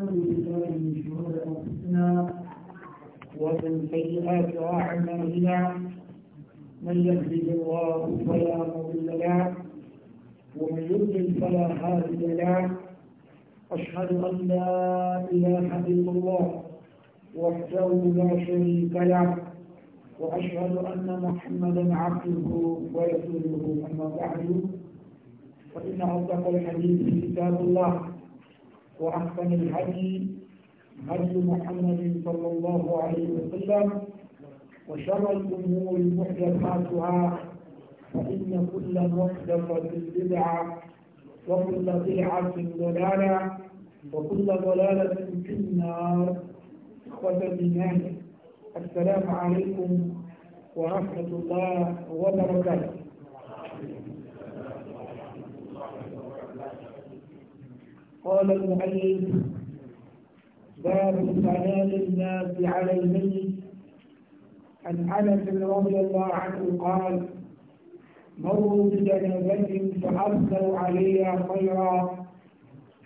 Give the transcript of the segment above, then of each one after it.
ونعوذ بالله من شرور انفسنا ومن سيئات اعمالنا من يهده الله فلا مضل له ومن يضلل فلا هادي له اشهد ان لا اله الا الله وحده لا شريك له واشهد ان محمدا عبده ورسوله اما بعد فان اصدق الحديث كتاب الله وأحسن الهدي هدي محمد صلى الله عليه وسلم وشر الأمور محدثاتها فإن كل محدثة بدعة وكل بدعة ضلالة وكل ضلالة في النار إخوة الإيمان السلام عليكم ورحمة الله وبركاته قال المؤلف باب سلام الناس على الميت عن انس رضي الله عنه قال مروا بجنازه فارسلوا عليها خيرا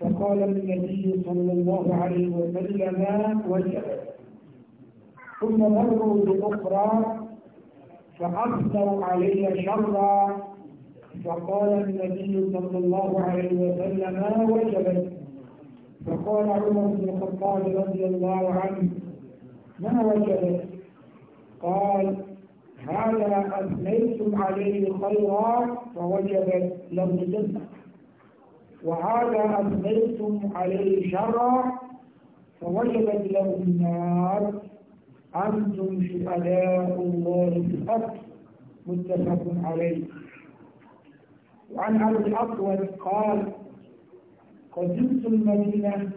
فقال النبي صلى الله عليه وسلم وجبت ثم مروا باخرى فاثنوا عليها شرا فقال النبي صلى الله عليه وسلم ما وجبت فقال عمر بن الخطاب رضي الله عنه ما وجبت قال هذا أثنيتم عليه خيرا فوجبت لم الجنة وهذا أثنيتم عليه شرا فوجبت له النار أنتم شهداء الله في الحق متفق عليه وعن أبي الأسود قال قدمت المدينة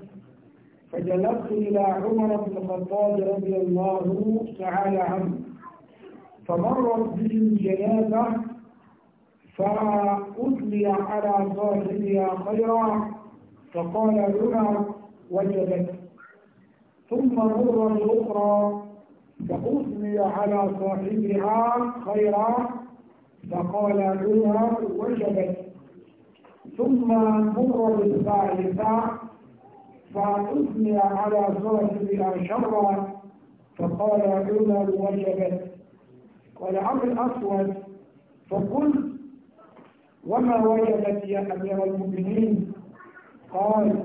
فجلست إلى عمر بن الخطاب رضي الله تعالى عنه فمرت به الجنازة فأثني على صاحبها خيرا فقال عمر وجبت ثم مرة أخرى فأثني على صاحبها خيرا فقال عمر وجبت ثم مر بالثالثة فأثني على بها شرا فقال عمر وجبت قال الأسود فقلت وما وجبت يا أمير المؤمنين قال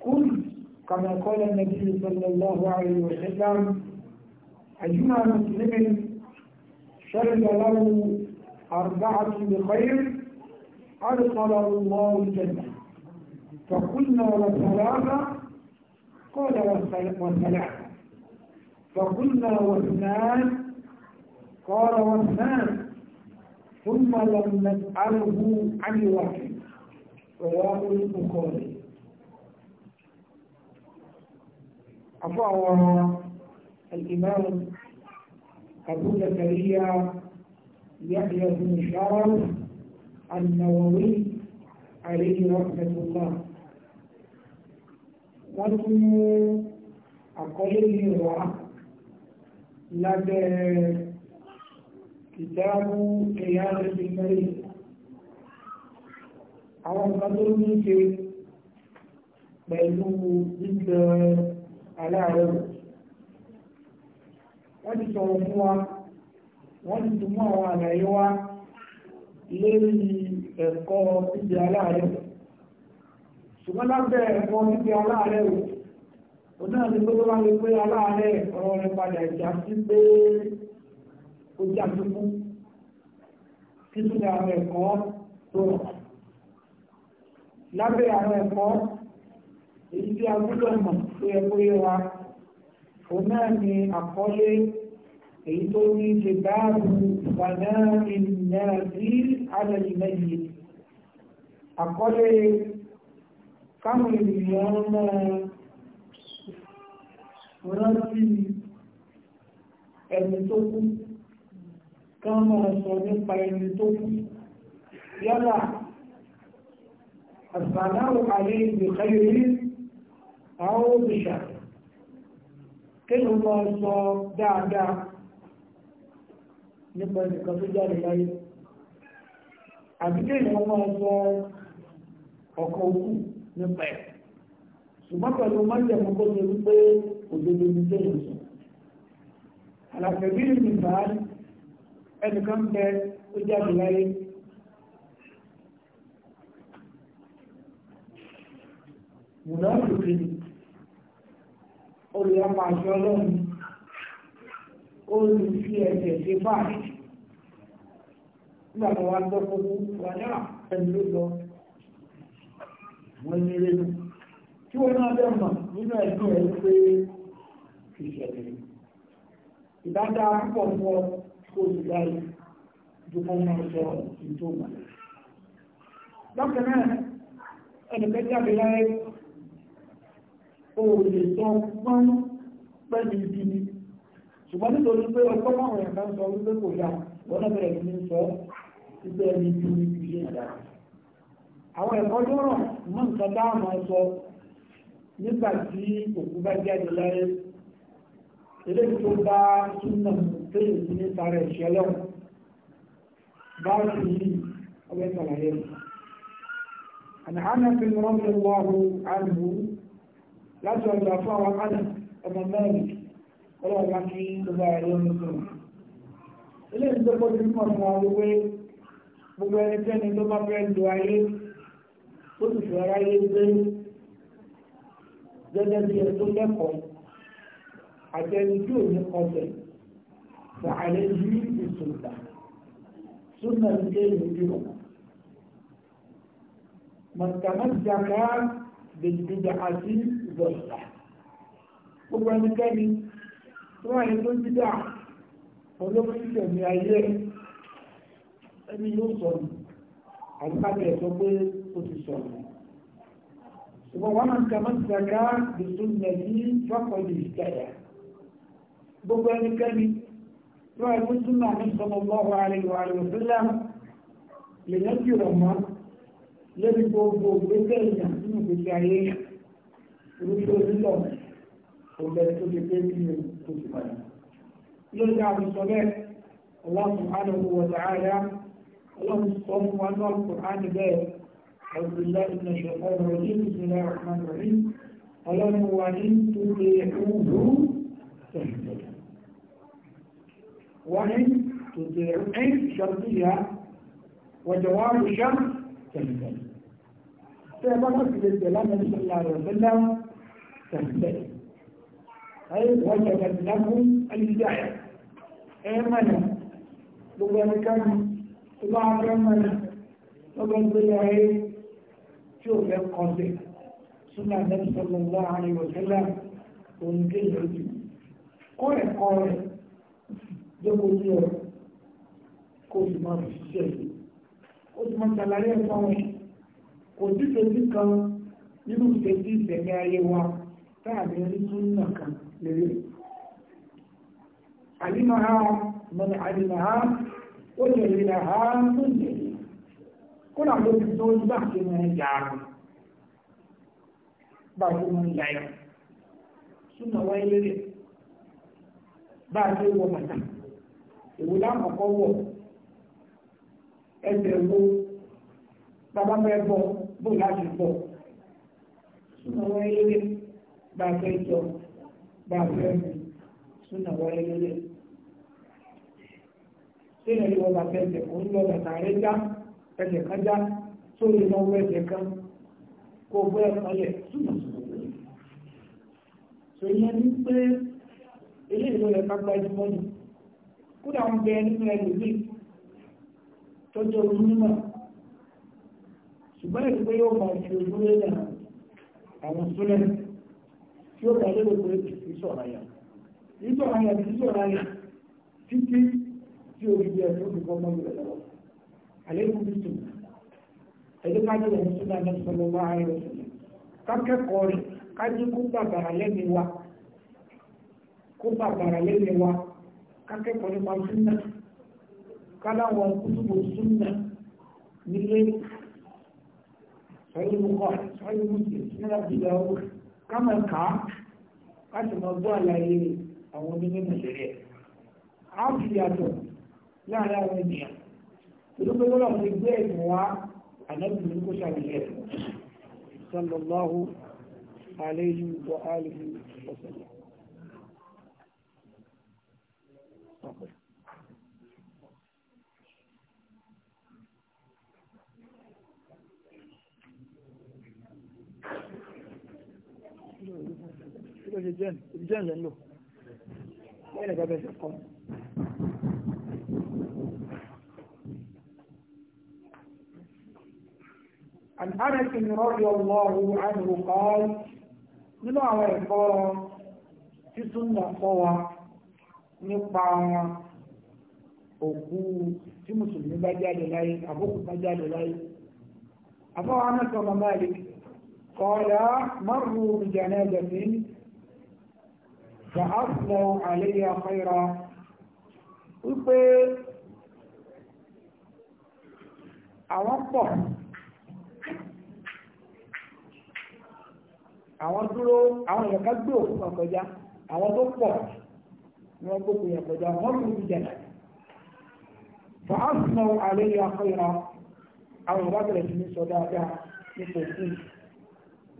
قلت كما قال النبي صلى الله عليه وسلم أجمع مسلم شهد له أربعة بخير أدخل الله الجنة فقلنا وثلاثة قال وثلاثة فقلنا واثنان قال واثنان ثم لم نسأله عن واحد رواه البخاري عفوا الإمام أبو زكريا يحيى بن شرف النووي عليه رحمة الله واسمه أقل رواه لدى كتاب قيادة المريض àwọn nǹkan tó ní ṣe pẹ̀lú gbígbẹ aláàárẹ̀ wọ́n ti sọ̀rọ̀ fún wa wọ́n ti tún mú àwọn àlàyé wa lórí ẹ̀kọ́ bíbi aláàrẹ̀ ṣùgbọ́n lábẹ́ ẹ̀kọ́ bíbi aláàrẹ̀ o náà ní gbogbo wa pé aláàrẹ̀ ọ̀rọ̀ rẹ̀ a mọ̀ wa òun náà ni àkọlé èyí tó ní ṣe báàbù wàná ènìyàn sí alẹ́lẹ́yìí àkọlé káwọn ènìyàn máa rántí ẹni tó kú ká máa sọ nípa ẹni tó kú yálà àṣàdáwò àlè ìgbèkáyé rí àwọn òbíṣà kéèyàn mọ sọ dáadáa nípa ẹnìkan tó jáde láyé àbí kéèyàn mọ sọ ọkọ̀ òkú nípa ẹ̀ ṣùgbọ́n pẹ̀lú májẹ̀mú kó ṣe wípé òdodo ní kéèyàn sọ àlàfẹ́bí nìbá ẹnìkan bẹ tó jáde láyé mùnà òkè ni olùyàpàṣẹ ọlọ́run olùfi ẹ̀jẹ̀ ṣe báyìí nígbà tó wá gbọ́ fúnfún wà náà ẹni lọ wọ́n ní rédú tí wọ́n náà bẹ́ẹ̀ mọ̀ nínú ẹ̀dùn ẹ̀ pé ìṣẹ̀lẹ̀ ìdájá púpọ̀ fún ọ kó o sì dáyé ju fún wọn sọ ìtòmọ̀ lọ́kàn náà ẹnìkan jáde láyé o lè sọ pọ́n ibi ni ṣùgbọ́n nítorí pé ọgbọ́n àwọn ẹ̀ka sọ wípé kò yá wọ́n bẹ̀rẹ̀ sí ní sọ wípé ẹni ibi ni ilé ìdá àwọn ẹ̀kọ́ tó rọ̀ mọ́ nǹkan sọ nígbà tí òkú bá jáde láyé eléyìí tó bá túnmọ̀ tẹ́lẹ̀ sí ní bá sì ní ọgbẹ́ sàlàyé. عن láti ọjà fún àwọn kánà ọmọ mẹ́rin ọlọ́wọ́ bá kí gbogbo ara ló ń lò sọ̀rọ̀. ilé ìdókòwò ti mọ̀ fún wa wípé gbogbo ẹnikẹ́ni ló bá fẹ́ lo ayé tó sì fẹ́ ráyé gbé gẹ́gẹ́ bí ẹni tó lẹ́kọ̀ọ́ àti ẹni tí ò ní ọbẹ̀ fàálẹ́ yí ìsòdà súnà ní kéèyàn bí wọn. mọ̀tàmọ́tàmọ́ bèbèbè àti gbogbo ìgbà gbogbo ẹnikẹ́ni tó wà ní tó dídá olóko títẹ̀ ní ayé ẹni yóò sọ̀rọ̀ àgbàdo ẹ̀ sọ pé ó ti sọ̀rọ̀ ṣùgbọ́n wọn máa ń kàmá ìsàká lùsùn nàbí fákọ̀lì ìtàyà gbogbo ẹnikẹ́ni tó wà ní tó dídá ní sọmọlọ́wọ́ àríwá àríwá sílá lè yẹn kí rọ̀ mọ́ gbogbo gbogbo èèyàn nínú gbogbo ayé yẹn irúfẹ́ onílọ̀ òlẹ̀ tó lè pé bí o tó ti أعوذ بالله من الشيطان الرجيم بسم الله الرحمن الرحيم ألم وإن تطيعوه تهتدوا وإن تطيعوا إن شرطية وجواب الشر تهتدوا فبقى في الكلام صلى الله عليه وسلم تهتدي أي وجبت لكم الهداية آمنا بذلكم طبعا كمنا طبعا بالله شوف القضية سنة النبي صلى الله عليه وسلم ونجد رجل قول قول جبوا ديور كل ما في الشيء كل ما تلاليه فوق كل شيء kan nínú ìṣẹ́jú ìṣẹ̀mí ayé wa táàbí rí súnà kan lérè àlìmọ̀há mọ̀nà àlìmọ̀há ó lè rí làhá tó lè rí kó nà ló ti tó nígbà tí wọ́n ń yà á bá a bó láti bọ̀ súnà wáyé lérè bá a fẹ́ jọ bá a fẹ́ mu súnà wọlé lélẹ̀. Sínú ìwọ bàtà ẹsẹ̀ kò ń lọ bàtà rẹ já ẹsẹ̀ kan já tó lè lọ wọ ẹsẹ̀ kan kó bọ́ ẹ̀kan lẹ̀ súnà sọ̀rọ̀. Sòyìn ẹni pé ilé ìlú rẹ̀ ká gba ẹjú mọ́nì. Kódà ń bẹ nínú ẹlòmíì tó jẹ́ onímọ̀. Ṣùgbọ́n ìdúgbò yóò mọ̀ fi ojú lé àwọn súnlẹ̀ tí ó kàn lérò pé kìí sọ̀rọ̀ yà kìí sọ̀rọ̀ yà kìí sọ̀rọ̀ yà títí tí o fi jẹ tó fi kọ́ mọ́mí rẹ̀ lọ́wọ́ àlékún bí tù ẹ̀dẹ́ ká jẹ́ ẹ̀sùn náà ní sọ̀rọ̀ wá ayọ̀ kákẹ́kọ̀ọ́ rẹ̀ ká jẹ́ kó bàbàrà lẹ́ni wa kó bàbàrà lẹ́ni wa kákẹ́kọ̀ọ́ nípa súnà káláwọ̀ kútùbù súnà nílé sọ́yìn mú kọ́ sọ́yìn mú sí kámọ̀ ká láti mọ gbọ́ àlàyé àwọn onímọ̀ lórí ẹ̀. a fi yàtọ̀ láàárín àwọn ènìyàn torí pé wọ́n lọ́ọ́ gbé ẹ̀sìn wá ànábì ní kó ṣàlùyẹ̀ sallallahu alayhi wa alihi wa sallam. ló ṣe jẹ́n jẹ́n lẹ́ lò lẹ́yìn ìgbà bẹ́ẹ̀ ṣe kọ́. عن أنس رضي الله عنه قال nínú àwọn ẹ̀kọ́ tí súnmọ̀ kọ́ wa nípa òkú tí mùsùlùmí bá jáde láyé àbókù bá jáde láyé àbáwọn anásọ mamalik kọ́ọ̀lá márùn-ún jẹ́nẹ́jẹ̀ sí fa aflọ àléyé afẹ́ra wípé àwọn pọ̀ àwọn dúró àwọn èèyàn ká gbé òkú kan kọjá àwọn tó pọ̀ ni wọ́n gbókù yẹn kọjá wọ́n lù ú jẹ̀dá fa aflọ àléyé afẹ́ra àwọn èèyàn bá bẹ̀rẹ̀ sí ní sọ dáadáa nípa òkú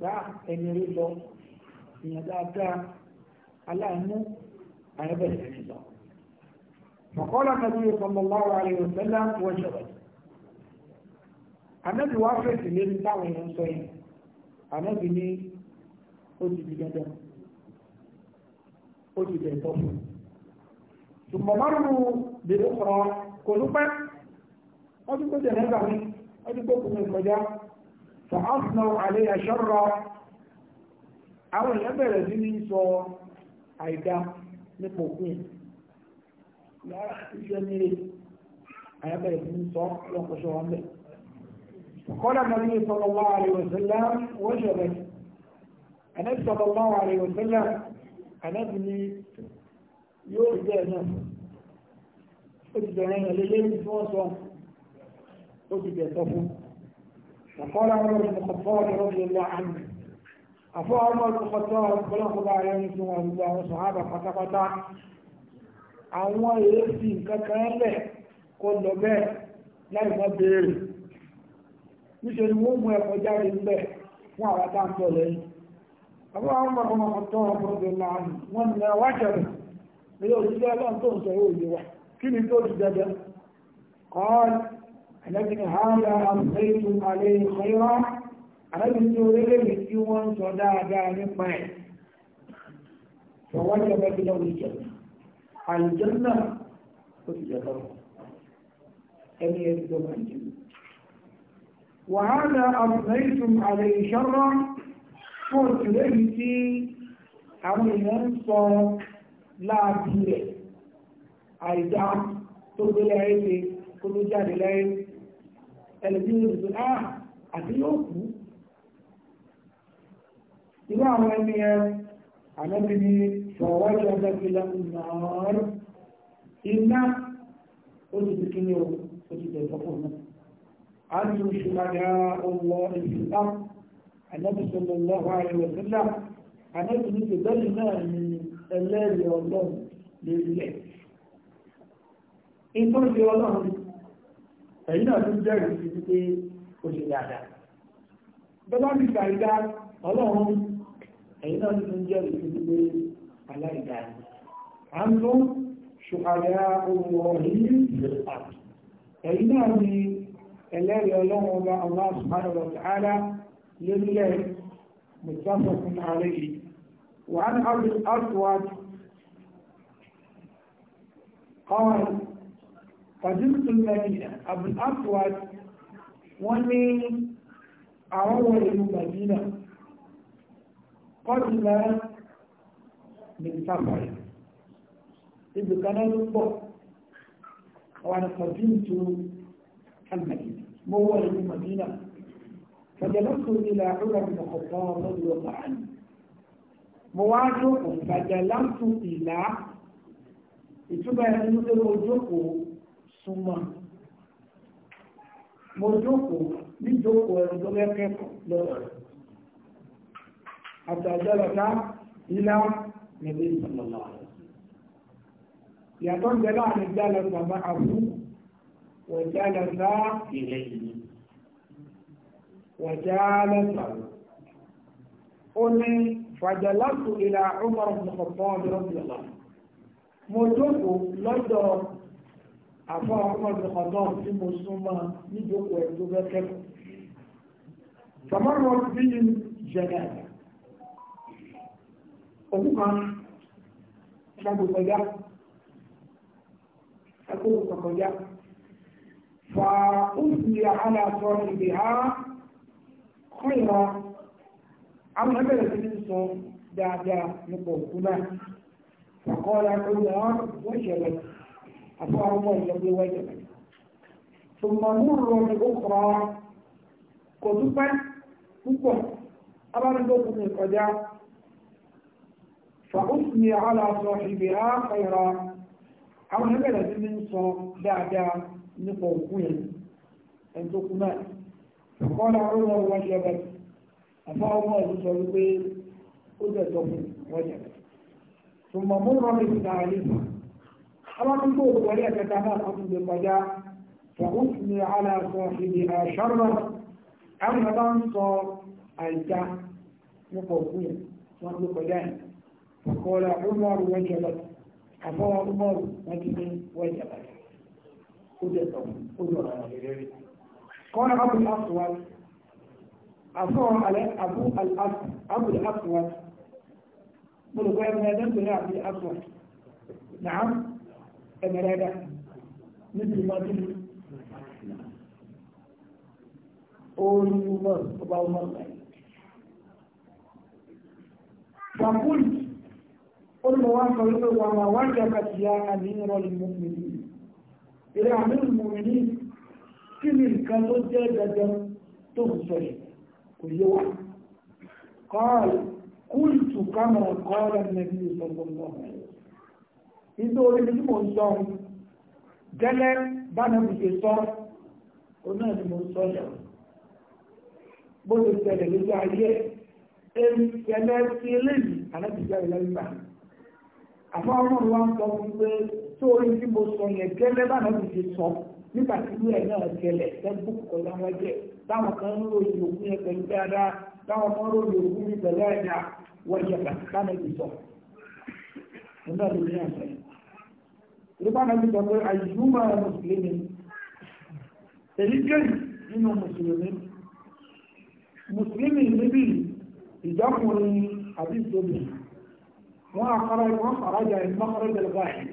rà ẹni rí lọ ìyẹn dáadáa aláàánú àyẹ́bẹ̀rẹ̀ sí lọ. Fọ̀kọ́lá Nàbí sallallahu alaihi wasallam wọ́n ṣọ̀rọ̀. Ànábì wá fèsì lérí táwọn èèyàn sọ yìí. Ànábì ní ó ti di dandan. Ó ti dẹ̀ tọ́ fún. Ṣùgbọ́n márùn-ún bèrè sọ̀rọ̀ kò ló pẹ́. Wọ́n ti kó jẹ̀rẹ́ gbà mí. Wọ́n ti kó kùnú ìkọjá. Fọ̀hásùn náà àlẹ́ Àwọn èèyàn bẹ̀rẹ̀ sí ní sọ àìdá nípa òkú yẹn yàrá iṣẹ́ nílé àyàbẹ̀rẹ̀ fún sọ lọ́kọ̀ṣọ́ wọn bẹ̀. قال النبي صلى الله عليه وسلم وجبت أنا صلى الله عليه وسلم أنا ابني يرجى نفسه أجد أنا لليل فوصا أجد يتفو وقال عمر بن الخطاب رضي الله عنه àfọ́ ọmọ ìpọ̀tọ́ ọ̀pọ̀lọpọ̀ ayé ní fún wọn gbogbo àwọn sọ̀hábà pátápátá àwọn èéfì kankan lẹ̀ kó lọ bẹ́ẹ̀ láì mọ́ béèrè níṣẹ́ ni wọ́n mú ẹ̀kọ́ jáde ńbẹ̀ fún àwọn táǹtọ̀ lẹ́yìn àwọn ọmọ ọmọ ọ̀tọ́ ọmọdé láàrin wọ́n ni ẹwà jẹ̀rẹ̀ ní òṣìṣẹ́ ọlọ́run tó ń sọ yóò yé wa kí ni tó ti dẹ̀dẹ̀ kọ́ ẹ̀lẹ́gbẹ̀rẹ̀ hàn àbẹ́bí tí orílẹ̀-èdè tí wọ́n ń sọ dáadáa nípa ẹ̀ ṣọwọ́ jẹ́ bẹ́ẹ̀ lọ́wọ́ ìjẹ́ àìjẹ́ náà ó ti jẹ́ lọ́wọ́ ẹni ẹni tó máa jẹ́ wàhálà àbùnáìtùm àlẹ́ ìṣọ́rọ́ fún òtúlẹ́yìn tí àwọn èèyàn ń sọ láàbí rẹ̀ àìdá tó gbélé ayé ṣe kó ló jáde láyé ẹlẹ́bí ló ti sọ ah, àti yóò kú irú àwọn ẹni ẹ ànábi ni fọwọ́jọ ọgbẹ́gbẹ́lá nàárọ̀ iná ó ti di kí ni o ó ti dẹ̀ tọ́kọ̀ náà a ní oṣù lága ọwọ́ ìfìlá ànábi sọ̀rọ̀ lọ́wọ́ àìwẹ̀ sílá ànábi ní ìbẹ́lì náà ni ẹlẹ́rìí ọlọ́run lórí ẹ̀ ìtọ́jú ọlọ́run ẹ̀yìn náà tún jẹ́rìí sí pé ó ṣe dáadáa bẹ́ẹ̀ bá ti gbà ìdá ọlọ́run أين من جاء الكذبين على إدانه عنه شهداء الله بالأرض أين أني ألا يلوم الله سبحانه وتعالى لله متفق عليه وعن أبي الأسود قال قدمت المدينة أبو الأسود ومن أول المدينة kọ́dùnlá ní sáfàì ibi kaná ló pọ̀ àwọn àkọ́dún tó kálmàdì mo wọ ìlú madina fajalọ́sọ ilẹ̀ àrùrà ní ọ̀pọ̀ lọ́dún ọ̀pọ̀ àná mo wá jókòó fajalọ́sọ ìlà ìtúbà ẹni ló mo jókòó súnmọ́ mo jókòó níjókòó ẹni tó lẹ́kẹ̀ẹ́ lọ́rọ̀ حتى جلس إلى النبي صلى الله عليه وسلم يقول جلال جلس معه وجلس إليه وجالسه قل فجلست إلى عمر بن الخطاب رضي الله عنه موجود لدى àfọ عمر بن الخطاب في sún mọ́ níjókòó ẹ̀ tó bẹ́ ọdún kan ẹgbàgbọ́ kọjá ẹgbàgbọ́ kọjá fà ó sì àhálà sọ ìdè ha kọ́ ìran àwọn ẹgbẹ̀rẹ̀ sí ní sọ dáadáa nípa òkú náà fàkọ́ọ́lá tó ní wọn wọ́n ṣẹlẹ̀ àfọwọ́ ọmọ púpọ̀ abánigbókun ní ìkọjá فأثني على صاحبها خيرا أو هكذا من صوم دعدا نقوكوين أن تقوم فقال عمر وجبت أفاهم قد قدة وجبت ثم مر بالثالثة أما من دون وليك تناقض بالرجاء فأثني على صاحبها شرا أم من صار أيتها نقوكوين وأن تقوم قال عمر وجبت عفا عمر وجب وجبت قدرتهم قدر قال أبو الأسود عفا على أبو الأسود أبو الأسود بلغوا من ابن أبو الأسود نعم أمرادة مثل ما تقول قول عمر أبو عمر فقلت olùmọ̀wáfà wípé wà máa wá jẹ́ka ti ya àmìnirọ̀ ìmọ̀mìnì ilẹ̀ àmìnirọ̀mìnì kí ni nǹkan tó jẹ́ dandan tó ń sọ yìí kò yé wa kọ́ọ̀lù kúlùtù kámẹ́rà kọ́ọ̀lù nàbí ìsọ̀gbọ̀ngbọ̀ nítorí orí ni mo ń sọ gẹ́lẹ́ bá na fi ṣe sọ ọ ti ṣẹlẹ̀ lójú ayé ẹni àfọ́ ọlọ́run wa ń sọ fún pé tó tí mo sọ yẹn gẹ́lẹ́ bá náà ti sọ nígbà tí ìlú ẹ̀ náà gẹlẹ̀ tẹ́gbù kọjá wọn jẹ́ táwọn kan ń ròyìn òkú yẹn pẹ̀lú dáadáa táwọn kan ròyìn òkú yẹn pẹ̀lú ẹ̀dá wọ́n yẹ kàtí kánà ti sọ. nígbà tó ní àṣẹ. ìrúbá náà ti sọ pé àyùmọ̀ mùsùlùmí èyí jẹ́rì nínú mùsùlùmí mùsùlùmí níbi ìjọkùnrin àbí ìjọbìnrin وأخرج وخرج المخرج الواحد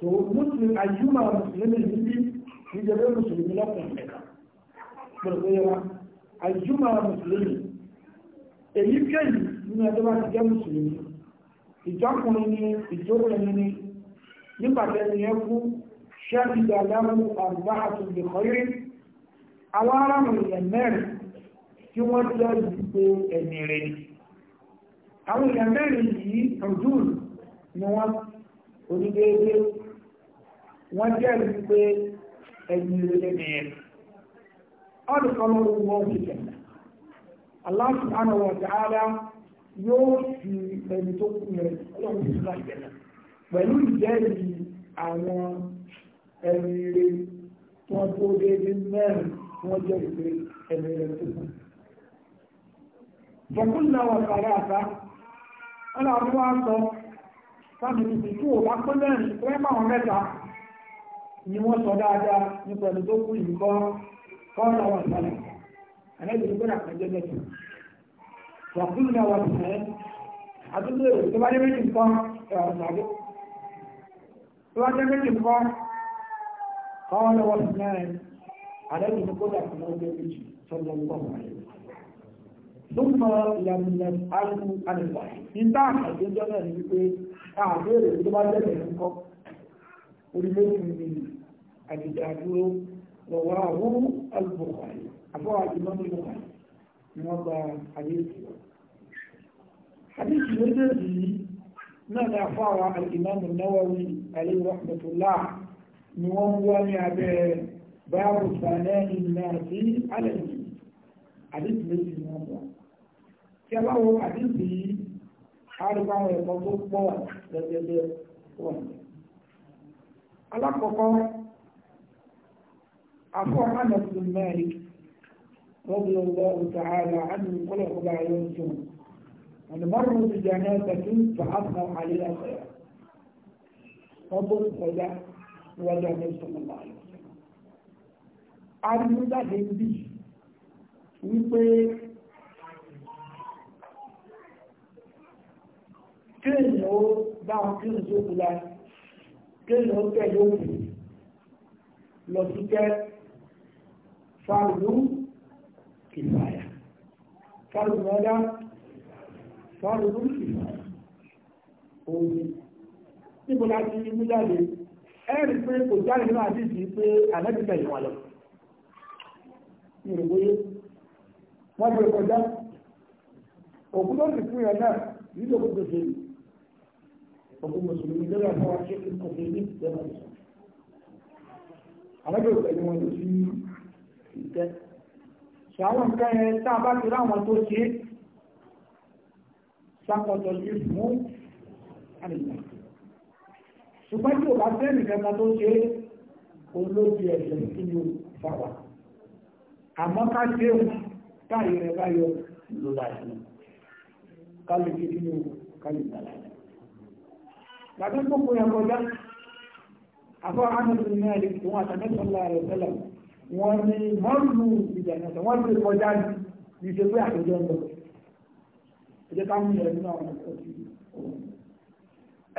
سو مسلم أيما مسلم الهندي في جبل مسلم لا تنفق بالغيرة أيما مسلم èyíkéyìí nínú ẹjọ́ bá ti jẹ́ mùsùlùmí ìjọkùnrin ni ìjókòrin ni nípasẹ̀ ni ẹ kú ṣẹ́ẹ̀dì dàdámù àgbà àtúndì kọ́rí àwọn aráàlú ilẹ̀ tí wọ́n jẹ́ ìdíje ẹ̀mí rẹ̀ ni àwọn èèyàn mẹ́rin yìí ọdún ni wọ́n onídéédé wọ́n jẹ́rìí pé ẹni rere nìyẹn ọdún kan ló wọ́n wọ́n fi jẹ̀dá Allah subhanahu wa ta'ala yóò fi ẹni tó kú yẹn lọ́wọ́ fi sílá ìjẹ̀dá pẹ̀lú ìjẹ́rìí àwọn ẹni rere tí wọ́n tó déédé mẹ́rin tí wọ́n jẹ́rìí pé ẹni rere tó kú. Fọ̀kúnnà wọ̀ kàrà àbá aláàbúwá sọ sáàmì tí ò bá pé mẹ́rin pẹ́ẹ́mà wọn mẹ́ta ni wọ́n sọ dáadáa nípa ẹni tó kú ìlú kọ́ kọ́ọ̀nà wà sálẹ̀ ẹ̀lẹ́dẹ̀ ìgbẹ́ náà kẹjẹ mẹ́ta wàkúrú náà wà àtúntò èrò tó bá dé méjì nǹkan ẹ̀ tó bá dé méjì nǹkan kọ́ọ̀nà wà sálẹ̀ ẹ̀lẹ́dẹ̀ ìgbẹ́ náà kẹjẹ méjì sọ́dọ̀ lókùnmọ́ ìyàmìlẹ̀ alùpù alùpù níta àjẹjọ́ náà ní wípé àbẹ̀rẹ̀ tó bá jẹ́bẹ̀ ń kọ́ orílẹ̀-èdè ní àjẹjàdúró lọ́wọ́ àwọn alùpù àbọ̀ àjẹmọ́nì lọ́wọ́ ni wọ́n gba àdéhùn àdéhùn méjèèjì yìí náà ní àfọwà mú wá ní abẹ́ báyàwó sàlẹ́ ìlànà sí alẹ́ yìí àdéhùn méjì ni wọ́n tí a bụ wo yìí a rí ẹ̀kọ́ tó pọ̀ lẹ́gbẹ̀ẹ́ wọ̀. alákọ̀ọ́kọ́ afọ anasi mẹ́rin rọ́bì ọ̀gbọ́ ọ̀tà ààrẹ àti ìkọlẹ̀ ọba ayọ́ ń sùn àdìmọ́rùn ti jẹ́ ẹ̀rọ tẹ̀sí fa àlẹ́ wọ́n kọjá níwájú ọmọ ń bì wípé kéèyàn ó bá wọn kí n tó kú la kéèyàn ó tẹ̀lé òkú lọ sí tẹ́ fàlù kìfàyà fàlù mọ́dá fàlù kìfàyà òní níbo la ti mú jáde ẹ̀rí pé kò jáde nínú àdìsí pé àlẹ́bí tẹ̀lé wọn lọ ìrògbóyé wọ́n bẹ̀rẹ̀ kọjá òkú tó sì fún yẹn náà gbogbo mùsùlùmí lọ́dọ̀ fún wa ṣe kí kò fi ní ìjọba ìṣọ́ alájọ ìpẹ̀lú wọn ló sí ìtẹ́ sọ àwọn nǹkan yẹn tá a bá ti ráwọn tó ṣe sákọ̀tọ̀ sí fún àlejò ṣùgbọ́n tí ò bá sẹ́nì kẹta tó ṣe olóbi ẹ̀sẹ̀ kí ni gbàgbé gbogbo yẹn kọjá àfọ ahmed mẹ́rin fún àtàmẹsọlá rẹ tẹ́lẹ̀ wọn ni wọn lu ìjànàtà wọn lè kọjá ní ìṣe pé àtẹjọ ń lọ ìjẹ ká mú yẹn nínú àwọn ọmọ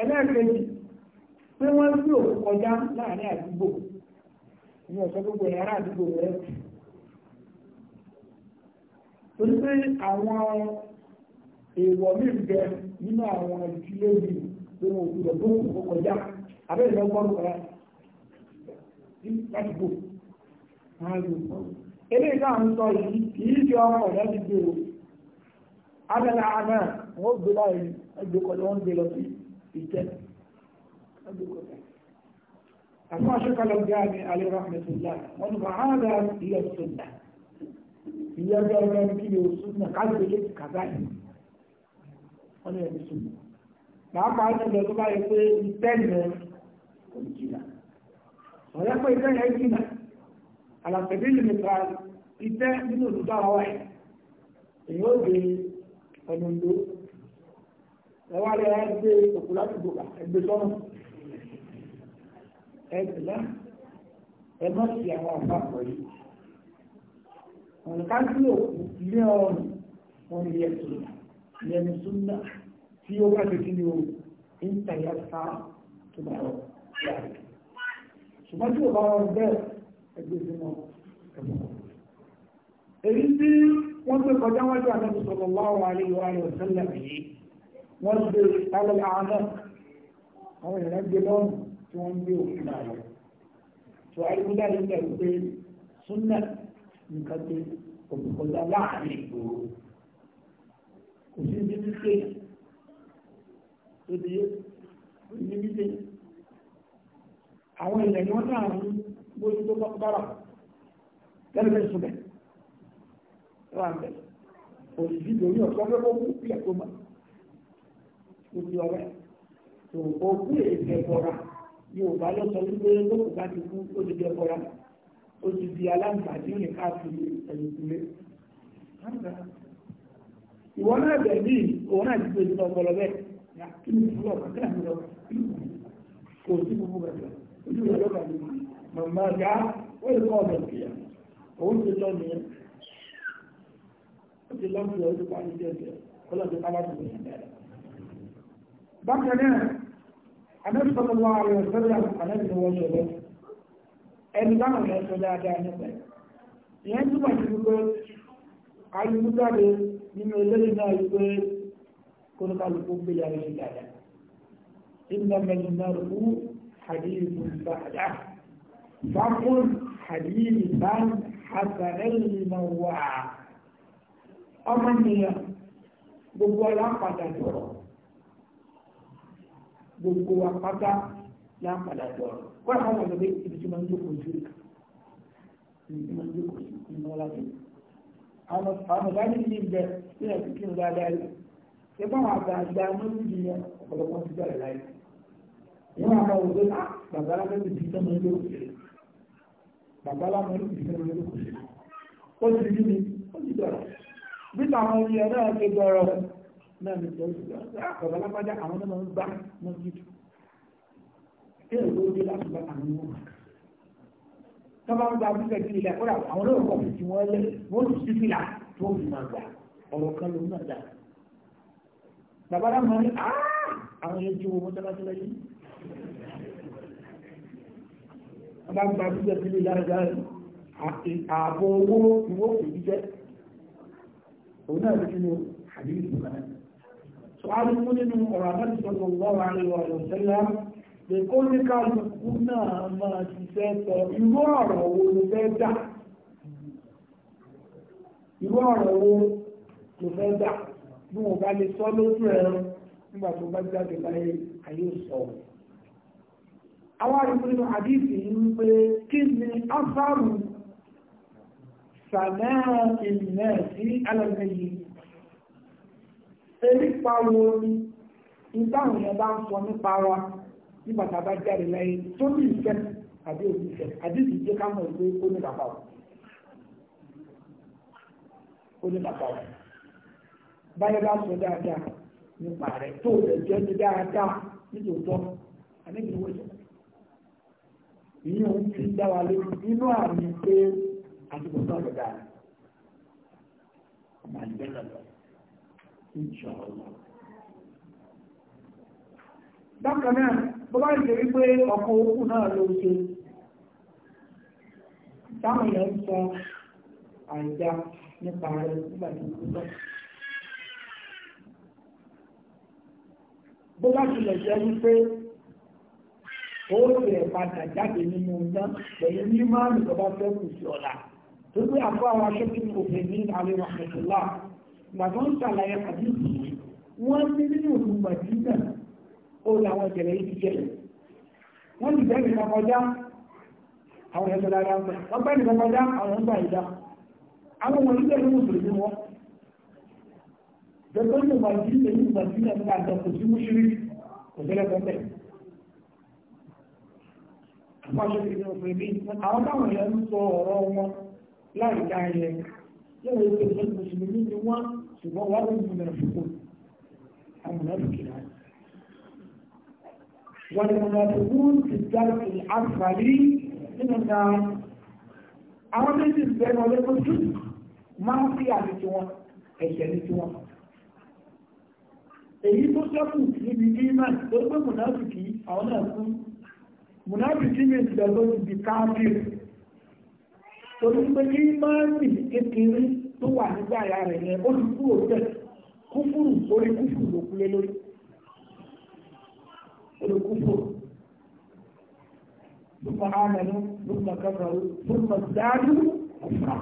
ẹlẹ́ẹ̀kejì pé wọ́n gbé òkú kọjá láàrin àdúgbò ní ọ̀sán gbogbo ẹ̀yà ará àdúgbò rẹ̀ torí pé àwọn èèwọ̀ mí pé wọn ò gbọdọ̀ tó kò kọjá abẹ́rẹ́ lọ gbọ́dọ̀ kọjá láti bò láàrin ìfọ̀. eléyìí náà ń sọ yìí kì í ṣe ọkọ̀ láti gbé o abẹ́lá náà wọ́n gbé láàrin ẹgbẹ́ kọjá wọ́n gbé lọ sí ìtẹ́ ẹgbẹ́ kọjá. àfọ àṣekà lọ gbé àmì alẹ́ rahmatullah wọn ni màá rà ilẹ̀ sọ̀dà ìyá bí ọlọ́run kí ni o sún náà ká lè lè kàdá yìí wọ́n ní ẹ̀mí sọ̀dà pàápàá jùlọ tó bá yẹ pé ìtẹ́lẹ̀ òjìlá ọ̀rẹ́ pé ìtẹ́lẹ̀ ìjìlá àlàtẹ̀bí lè nípa ìtẹ́ nínú òdúdó àwọn wáyé èyí ó gbé ọ̀nà ìlú ẹwà rẹ̀ gbé òkú láti gbòkà ẹgbẹ́ sọ́nà ẹgbẹ̀lá ẹ má fi àwọn àpapọ̀ yìí ọ̀nà ká sí òkú ilé ọ̀run wọn ni ẹ̀sùn súnmọ́ tí ó bá ti kíni o ń tẹ̀yà sá tó bá rọ̀ yàrá ṣùgbọ́n tí ó bá rọ̀ bẹ́ẹ̀ ẹgbẹ́ sí wọn ẹ̀mọ́ èyí tí wọ́n tó kọjá wọ́n tó àná sọ̀rọ̀ láwọn àríwá rẹ̀ sẹ́lẹ̀ yìí wọ́n gbé alẹ́ àánà àwọn èèyàn gbé lọ́rùn tí wọ́n gbé òfin náà lọ tó àríwá rẹ̀ ń bẹ̀rù pé súnà nǹkan tó kọjá láàrin ìgboro kò sí ní ṣe èdè ìdíbíté àwọn ilẹ̀ ni wọ́n náà ní bójú tó bára tẹ́lẹ̀fẹ́ sọ́bẹ̀ wà bẹ̀ òsìsí lórí ọ̀sọ́ pé ó kú ilẹ̀ tó mọ̀ ó ti ọ̀rẹ́ tó ó kú èdè ẹ̀bọ̀ra ni ò bá lọ sọ wípé ó kù bá ti kú ó ti di ẹ̀bọ̀ra ó ti di aláǹfààní ní káàkiri ẹ̀yìn ìdílé ìwọ náà bẹ̀ ní òun náà ti gbé ọpọlọ bẹ́ẹ̀ kí ni ìlú ọ̀rọ̀ tẹ́ àmì lọ kò sí gbogbo bẹ̀rẹ̀ ojú rẹ̀ lọ́gbà ní màmá ga ó lè kọ́ ọ̀dọ̀ kìíyà òun ti lọ nìyẹn ó ti lọ sí ọdún parí jẹ́jẹ́ ọlọ́dún aláṣẹ ìyẹn bẹ̀rẹ̀. bákan náà anábì sọ́kọ́ lọ́wọ́ ààrẹ ọ̀sẹ́lẹ̀ anábì ni wọ́n ṣẹlẹ̀ ẹni báwọn yẹn sọ dáadáa nípa ìyẹn túmọ̀ sí wípé ayélujáde nínú eléyìí náà wípé kó ní kálukú gbélé ara ṣe dáadáa inna mẹ́rin náà rú hadithu bàdá fàkún hadithu bàdá hasanẹ́lì náà wà ọmọ nìyàn gbogbo alápàdà dọ̀rọ̀ gbogbo apáta lápàdà dọ̀rọ̀ wọ́n àwọn ọ̀dọ́ bí ibi tí wọ́n ń jókòó sí ìka ibi tí wọ́n ń jókòó sí ìmọ̀lá sí àwọn ọ̀dọ́ bí ibi tí wọ́n ń jókòó ṣùgbọ́n àwọn àgbààgbà mọ́lúdì yẹn ọ̀pọ̀lọpọ̀ ti bẹ̀rẹ̀ láyé wọ́n á máa wò pé ah bàbá alámọ́lúdì ti sọ́mọ ilé òkèèrè bàbá alámọ́lúdì ti sọ́mọ ilé òkèèrè ó ti rí mi ó ti dọ̀rọ̀ bí táwọn orí ẹ̀ náà ti dọ̀rọ̀ náà ni tó ti dọ̀rọ̀ ah, bàbá alámọ́jà àwọn náà ń gbá mọ́lúdì kéèrè ló dé láti bá àwọn ọmọ tọ́ba ń gba abúlé kí ilẹ̀ kó àwọn olóòkọ̀ fi ti wọ́n lé wọ́n ti fi fìlà tó fi máa gbà ọ̀rọ̀ kan ló ń náà dáa bàbá dáhùn máa ní ah! àwọn yẹn ju owó tọ́lá tọ́lá yìí bàbá gba jíjẹ sílé yára ààbò owó ìwó kò jíjẹ òun náà lè fi ní àdéhùn ìgbà náà so a rí mú nínú ọ̀rọ̀ àbájúsọ̀tọ̀ lè kó ní kálukú náà máa ṣiṣẹ́ fẹ́ dà irú ọ̀rọ̀ wo ló fẹ́ dà bí wọn bá lè sọ lójú ẹ̀rọ nígbà tó bá jáde láyé ayé sọ. àwọn àdúgbò nínú àdìsí yìí ń pé kí ni áfàrù sàmẹ́rà ìlẹ̀ sí alẹ́mẹ́yì erí pariwo ni ìdáhùn yẹn bá ń sọ nípa wa nígbà tá bá jáde láyé tó ní ìfẹ́ àbí òbí ìfẹ́ àdìsí jẹ́ ká mọ̀ pé ó ní bàbá o báyọ̀ bá sọ dáadáa nípa rẹ̀ tó o lè jẹ́ dáadáa nítòótọ́ àníkìwé jẹ́. ìyẹn òun ti dá wa lórí nínú àmì pé àtìkò náà lọ dáa. ọmọ náà bó bá tilẹ̀ jẹ́ wípé ó lè padà jáde nínú iná pẹ̀lú ní márùn tó bá fẹ́ kù sí ọ̀la tó gbé àpò àwọn aṣọ́kí kò fẹ́ ní alẹ́ rahmatullah gbàgbọ́ ń ṣàlàyé àdìsí wọ́n ní nínú ìlú Madina ó làwọn ìṣẹ̀lẹ̀ yìí ti jẹ́lẹ̀ wọ́n ti bẹ́ẹ̀ nìkan kọjá àwọn ẹ̀ṣọ́ dáadáa wọ́n bẹ́ẹ̀ nìkan kọjá àwọn ẹ̀ṣọ́ àìdá àwọn ọmọ ìṣẹ̀lẹ̀ mùsùlùmí wọn Tẹ́tọ́ ní Màjíríà ní Màjíríà ní àjọ kò sí Mùsùlùmí kò tẹ́lẹ̀ tẹ́tẹ́. Àpáṣẹ kìíní òfin mi, àwọn táwọn èèyàn ń sọ ọ̀rọ̀ wọn láì dá yẹ. Yẹ́wọ̀ ètò ìṣẹ́ Mùsùlùmí ni wọ́n ṣùgbọ́n wà ló ń gbìyànjú àfikò. Àwọn èèyàn fi kìlá. Wọ́n ni mo máa ti dá ìlú àfàlí nínú náà. Àwọn méjì bẹ̀rẹ̀ ọlẹ́kọ̀ọ́ máa ń fi àlejò wọn, ẹ̀ṣẹ̀ èyí tó sẹ́kù níbi iman tó pé mùnáfìkì àwọn náà fún mùnáfìkì mi ti dàgbọ́ ti di káàkiri tó ní pé imani kékeré tó wà nígbà ya rẹ̀ yẹn ó ti kúrò bẹ́ẹ̀ kúfùrù orí kúfùrù ló kúlé lórí orí kúfùrù ثم آمنوا ثم كفروا ثم ازدادوا كفرا.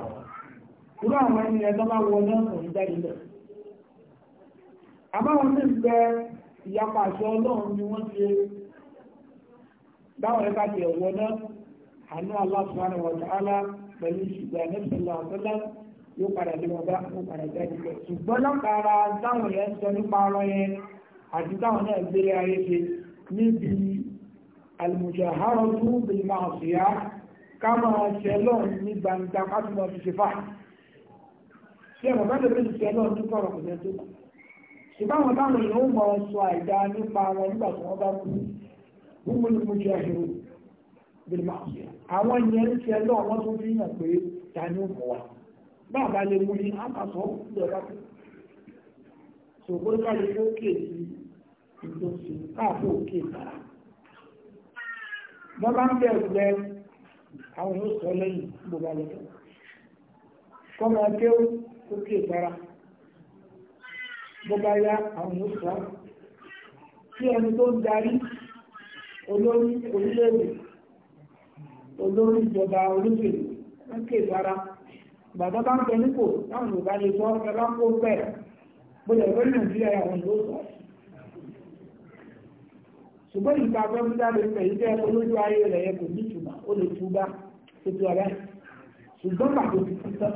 Irú àwọn ènìyàn tó máa wọ náà kò ní jáde lọ àbáwọn ní ìgbẹ́ ìyapa àṣọ ọlọ́run ni wọ́n ṣe báwọn ẹ̀ka ti ẹ̀wọ́ náà àánú Allah subhanahu wa ta'ala pẹ̀lú ìṣùgbọ́n àdébìsọ̀lá àtọ́lá yóò padà lé wọn bá wọn padà jáde lọ ṣùgbọ́n látara táwọn yẹn sọ nípa ọ̀rọ̀ yẹn àti táwọn náà gbélé ayé ṣe níbi al-mushaharatu bil ma'siyah ká máa ṣe lọ́run ní gbangba ká tún lọ fi ṣe fà ṣé ẹ̀mọ̀ ṣùgbọ́n táwọn èèyàn ó mọ sọ àìdá nípa wọn nígbà tí wọ́n bá kú gbogbo ní mojú ẹ̀rọ bíi máa ṣe àwọn ìyẹn ń ṣe lọ́ọ̀ wọ́n tún fi hàn pé ta ni ó mọ̀ wá báà bá lè mú ní àkàsọ́ ìjọba bá kú ṣògbọ́n ká lè lókè sí ìdòsí káàbọ̀ òkè sára bọ́n bá ń bẹ̀rù lẹ àwọn yóò sọ lẹ́yìn gbogbo àlejò kọ́mọ akéwò òkè sára bó bá yá àwọn yóò sọ tí ẹni tó ń darí olórí orílẹ̀-èdè olórí ìjọba orílẹ̀-èdè ń ké sára bàbá bá ń bẹ nípò táwọn yorùbá lè sọ ẹ bá kó bẹ́ẹ̀ bóyá ìwé nàìjíríà àwọn yóò sọ ṣùgbọ́n ìgbà gbọ́mídáre pẹ̀ ìjẹ́ olójú ayé rẹ̀ yẹ kò ní ìtumọ̀ ó lè tú bá ètò ọ̀rẹ́ ṣùgbọ́n pàtó ti títọ́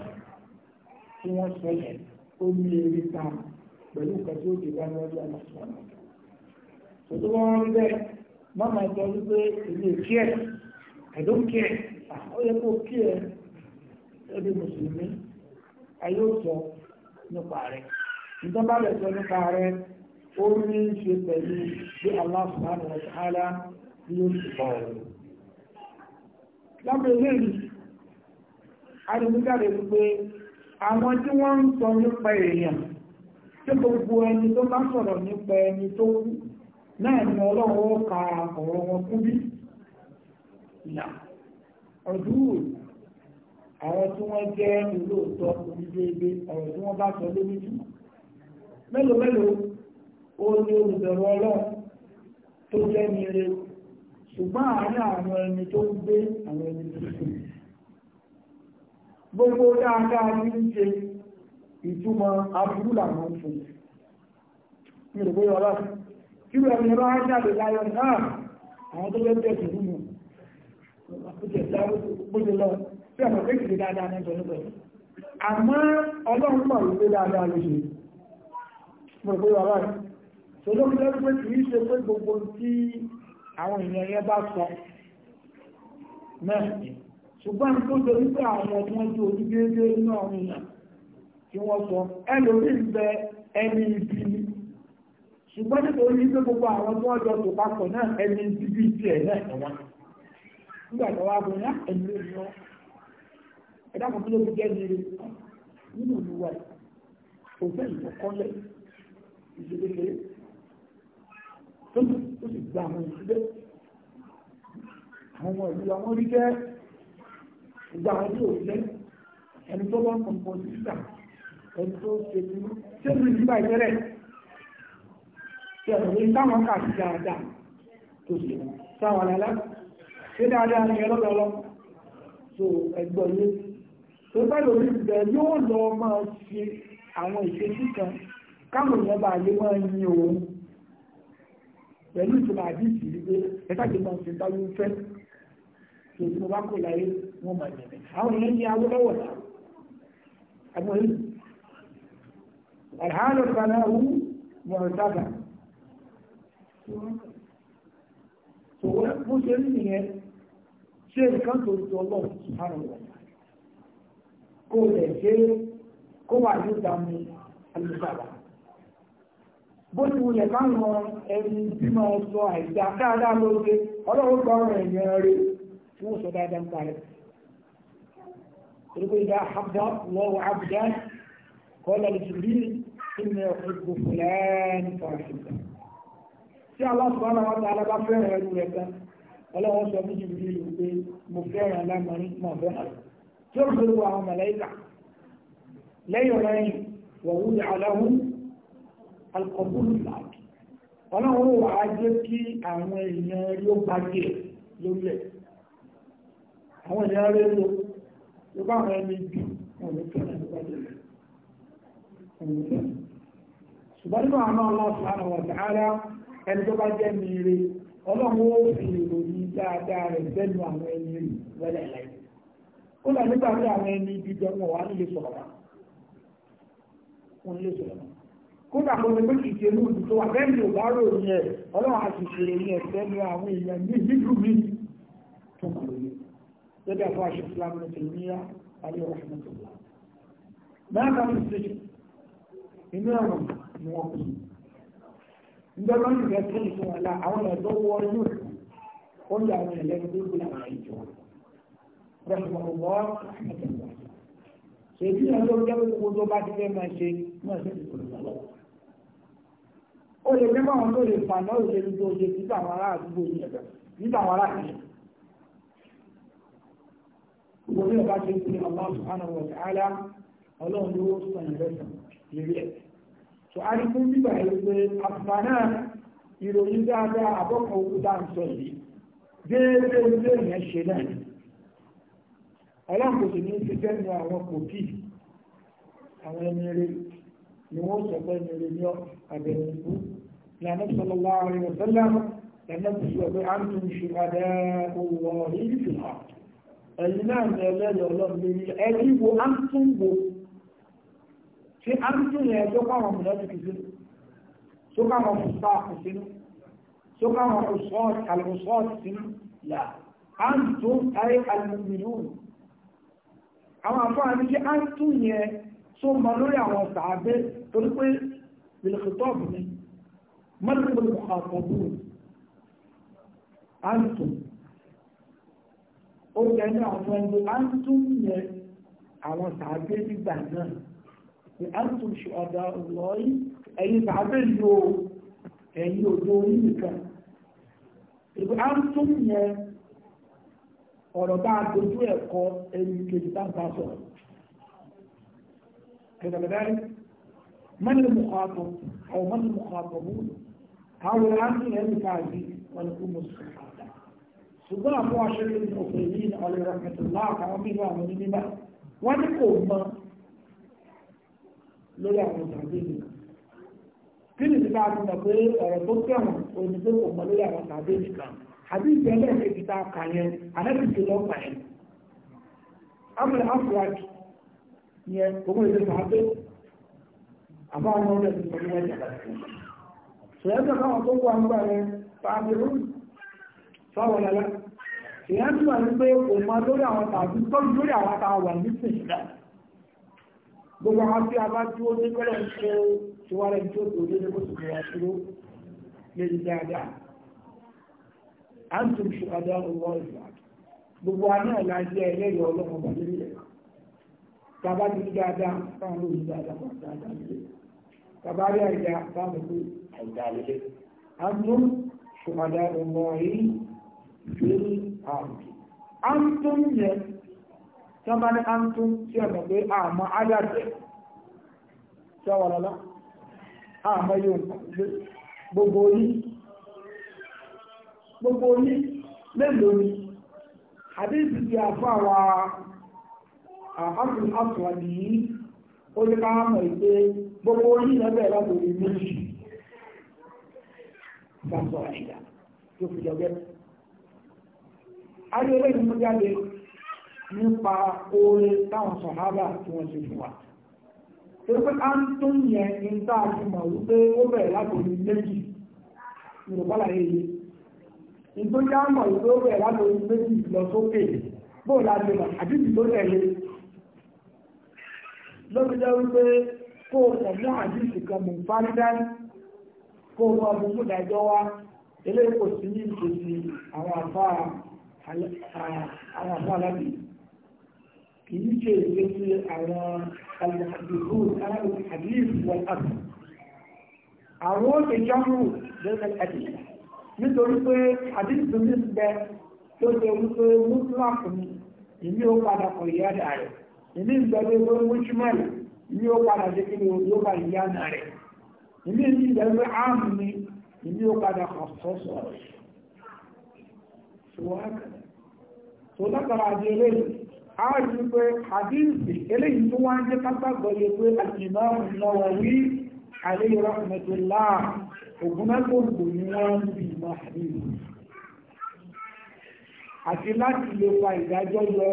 tí wọ́n sọ ó ní eré táwọn pẹ̀lú nǹkan tí ó di bá níwájú àlàáfíà náà. tòtò wọn rí bẹ́ẹ̀ má máa sọ wípé èmi ò kí ẹ̀ I don't care ó yẹ kó kí ẹ ẹbí mùsùlùmí ayé ó sọ nípa rẹ̀ nígbà bá lè sọ nípa rẹ̀ ó ní í ṣe pẹ̀lú bí Allah subhanahu wa ta'ala bí ó sì bọ̀ ọ́. lábẹ́ eléyìí arìnrìnjáde wípé àwọn tí wọ́n ń sọ nípa èèyàn tí gbogbo ẹni tó bá sọ̀rọ̀ nípa ẹni tó wú náà ni ọlọ́wọ́ ka ọ̀rọ̀ wọn kú bí ìyá ọdúnwò àwọn tí wọ́n jẹ́ olóòótọ́ onídéédé ọ̀rọ̀ tí wọ́n bá sọ lórí jù mélòó mélòó ó ní olùbẹ̀rù ọlọ́run tó jẹ́ ní ire ṣùgbọ́n àárín àwọn ẹni tó ń gbé àwọn ẹni tó ń gbogbo dáadáa ní ń ìtumọ̀ aburú làwọn ń fún ní ìrògbé ọlá kí ló ẹni bá ń jáde láyọ̀ náà àwọn tó lẹ́nu tẹ̀sí fún mi àpòjẹ̀ ìdáwó gbójú lọ sí ọ̀nà pé kìí dáadáa ní ìjọ níbẹ̀ àmọ́ ọlọ́run mọ̀ wípé dáadáa ló ṣe mo rò pé ọlá rẹ̀ tó ló ń lẹ́nu pé kìí ṣe pé gbogbo tí àwọn èèyàn bá sọ náà ṣùgbọ́n tó ṣe wípé àwọn ọmọ tí wọ́n ti ojú náà ń tí wọ́n sọ ẹlòmí ń bẹ ẹni ibi ni ṣùgbọ́n nítorí pé gbogbo àwọn tí wọ́n jọ tó papọ̀ náà ẹni ibi tiẹ̀ náà ẹ̀wọ̀n nígbà tó wá bọ̀ yá ẹni ló ní ọ́ ẹ̀dá tó ló jẹ́ ní nínú olùwà òfin ìfọ̀kọ́lẹ̀ ìṣèlékeré tó sì gba àwọn ìṣúlẹ̀ àwọn ọmọ ìlú àwọn orí ìgbà àwọn orí òṣìṣẹ́ ẹni tó bá ń pọ̀ pọ̀ sí ẹni tó ṣe bí ṣé ìlú ìgbà ìtẹ́lẹ̀ ṣe ọ̀rẹ́ táwọn kà sí dáadáa tó ṣe sáwọn alẹ́ ṣé dáadáa ni ẹlọ́dọọlọ́ so ẹgbọ́ ilé tó bá lórí ìbẹ̀ yóò lọ máa ṣe àwọn ìṣesí kan káwọn èèyàn bá lè máa yin òun pẹ̀lú ìtura àdìsí wípé ẹ̀ka ti máa ṣe báyìí ń fẹ́ tòun bá kò láyé wọn máa jẹ̀mẹ̀ àwọn èèyàn ní awólọ́wọ̀ náà àwọn èèyàn الحال الفناء معتبر tòwọ́ bó ṣe rí ìní ọ̀fẹ́gbò fúlẹ́ẹ̀ni fàáfíkà tí aláṣùwọ́nà wọn tààlà bá fẹ́ràn ẹrú rẹ̀ tán ọlọ́wọ́ sọ méjì bí i pé mo fẹ́ràn lámàrí mọ̀ fẹ́ràn tí ó fi wọ àwọn mọ̀lẹ́kà lẹ́yìn ọ̀rẹ́yìn wọ̀wú ní aláwú alkọ̀bùrù láàbì ọlọ́run wà á jẹ́ kí àwọn èèyàn rí ó gbàgbé lórí ẹ̀ àwọn èèyàn rí ó yóò bá àwọn ẹni bí wọn ló fẹ́ràn ló gbàgbé rẹ̀ ṣùgbọ́n nínú ẹni tó bá jẹ́ ọlọ́run ó fi ìròyìn dáadáa rẹ̀ àwọn ẹni wẹ́lẹ̀ láì ó lọ nígbà tí àwọn ẹni ibi inú ẹ̀rùn ni wọ́n kú ìjọba ní ìrẹsì ìfún wọn la àwọn ẹ̀dọ́ wọ inú rẹ̀ ó yà àwọn ẹ̀lẹ́ni tó gbé àwọn ìjọ rẹ̀sùmọ̀ wọ́ ṣèbí ẹjọ́ jẹ́ gbogbo tó bá ti fẹ́ máa ṣe máa ṣe ìkòlùsọ̀ lọ. ó lè fẹ́ tó lè fà náà ó lè lójú oṣù títà àwọn ará àdúgbò ní ẹ̀dọ̀ títà àwọn ará àdúgbò. gbogbo lérí ẹ̀ tó a rí fún bíbà yìí pé àtùmá náà ìròyìn dáadáa àbọ̀kọ̀ òkúta ń sọ yìí déédéé ilé yẹn ṣe náà ni ọlọ́pùsù ní ti fẹ́ nu àwọn kòkí àwọn ẹni rẹ ni wọ́n sọ pé ẹni rẹ ní àbẹ̀rẹ̀ ìbú ní anẹ́sọ̀lọ́lá àríwọ̀sọ́lá ẹ̀nẹ́bùsù ọ̀pẹ́ àǹtún ṣùgbọ́dẹ́ owó ọ̀rí ìfìhàn ẹ̀yìn náà ní ẹlẹ́rìí ọlọ́run lórí ẹni wo àǹtún wo ṣé àmìtì yẹn tó káwọn mọ̀lẹ́ ti kìí sínú tó káwọn mùsùlùmá kù sínú tó káwọn alùsọ́ọ̀tì sínú là àǹtún ayé alùmìnún àwọn àfáà ní ṣé àǹtún yẹn tó mọ lórí àwọn sàábé torí pé bìlìkìtọ́ọ̀bù ni mọ́lẹ́gbẹ̀rẹ̀ mọ̀kàtọ̀bù àǹtún ó jẹ́ ní àwọn ẹgbẹ́ àǹtún yẹn àwọn sàábé nígbà náà لأنتم شهداء الله أي تعبروا أي دونك لأنتم يا أربعة دوجو يقول أي كتاب بصر كذا لذلك من المخاطب أو من المخاطبون هذا الأمر أي تعزيه ولكم مسلمين سبحان الله شكرا للمسلمين عليه رحمة الله تعالى من المؤمنين ولكم من lórí àwọn ìtàgé yìí kí ni ti ká fi mọ̀ pé ọ̀rọ̀ tó tẹ̀wọ̀n òní pé kò mọ lórí àwọn ìtàgé yìí kan àbí ìjẹ́ lẹ́ẹ̀kẹ́ ti ta kà yẹn àlẹ́bí ti lọ́ pa yẹn. amúlẹ̀ afrad yẹn kò mọ̀ ìdí sàá pé àbá àwọn ọmọ ẹ̀sìn pẹ̀lú ẹ̀jẹ̀ ṣèyàn tó káwọn tó kó àgbà rẹ̀ tàbí rú sáwọn lálá ṣèyàn tó wà ní pé kò lórí àwọn tàbí tọ́jú lórí àwọn tàwọn nísìnyí náà gbogbo àwọn tí a bá dúró ní kọ́lọ̀ ń ṣe tiwárẹ̀ tó tó lé ní oṣù kẹwàá dúró lórí dáadáa à ń tún ṣe adá ọwọ́ ìgbà gbogbo àná ẹ̀ láti ẹ lẹ́yìn ọlọ́run ọba lórí ẹ̀ tàbá ti ní dáadáa fáwọn olóyìn dáadáa fún àdáadáa lé tàbá rí àìdá fáwọn pé àìdá lé à ń tún ṣe adá ọwọ́ yìí lórí àrùn à ń tún yẹn tí wọ́n bá ní antum tí ọ̀nà pé àmọ́ ayàtẹ̀ tí wọ́n lọ́lá àmọ́ yóò gbogbo yí gbogbo yí mélòó ni àdéhùn ti àfọ àwa àfáàfin àfọ̀wàdì yìí ó ní ká mọ̀ pé gbogbo yí lọ́bẹ̀ látòrí méjì gbàgbọ́ àṣìyà tó fi jọ bẹ́ẹ̀ nípa oore táwọn sọ̀hábà tí wọ́n ṣe fún wa pé a ń tó yẹn ní tá a mọ̀ wípé ó bẹ̀rẹ̀ látòrí méjì ìrọ̀pálà yẹyẹ ìtòjá mọ̀ wípé ó bẹ̀rẹ̀ látòrí méjì lọ sókè bóò láti mọ̀ àdìsí tó tẹ̀lé lóbi jẹ́ wípé kó o kàn mú àdìsí kan mú fárídán kó o mọ̀ mú dájọ́ wá eléyìí kò ní ìṣèṣì àwọn àfa alábìí kìí ṣe ìgbésí àwọn alìhàdìhù alìhàdìhù wọn àti àwọn ìjọ́rù lẹ́sẹ̀ àti nítorí pé àdìsù ní bẹ tó ṣe wípé muslim ìní ó padà kọ ìyá dà rẹ̀ ìní ìgbẹ́lẹ́ pé wíṣímẹ́lì ìní ó padà ṣe kí ni bá ìyá dà rẹ̀ ìní ìní ìgbẹ́lẹ́ pé ni ìní ó padà kọ Sọ̀rọ̀ a rí pé àdínsì eléyìí tó wá ń jẹ́ kágbàgbọ́ yẹ pé àtìmáàmù náwà rí àléyọ̀rọ̀ mẹ́tòlá ògúnmẹ́gbòǹgbò ni wọ́n ń bí ìmọ̀ àdínsì àti láti lè fa ìdájọ́ yọ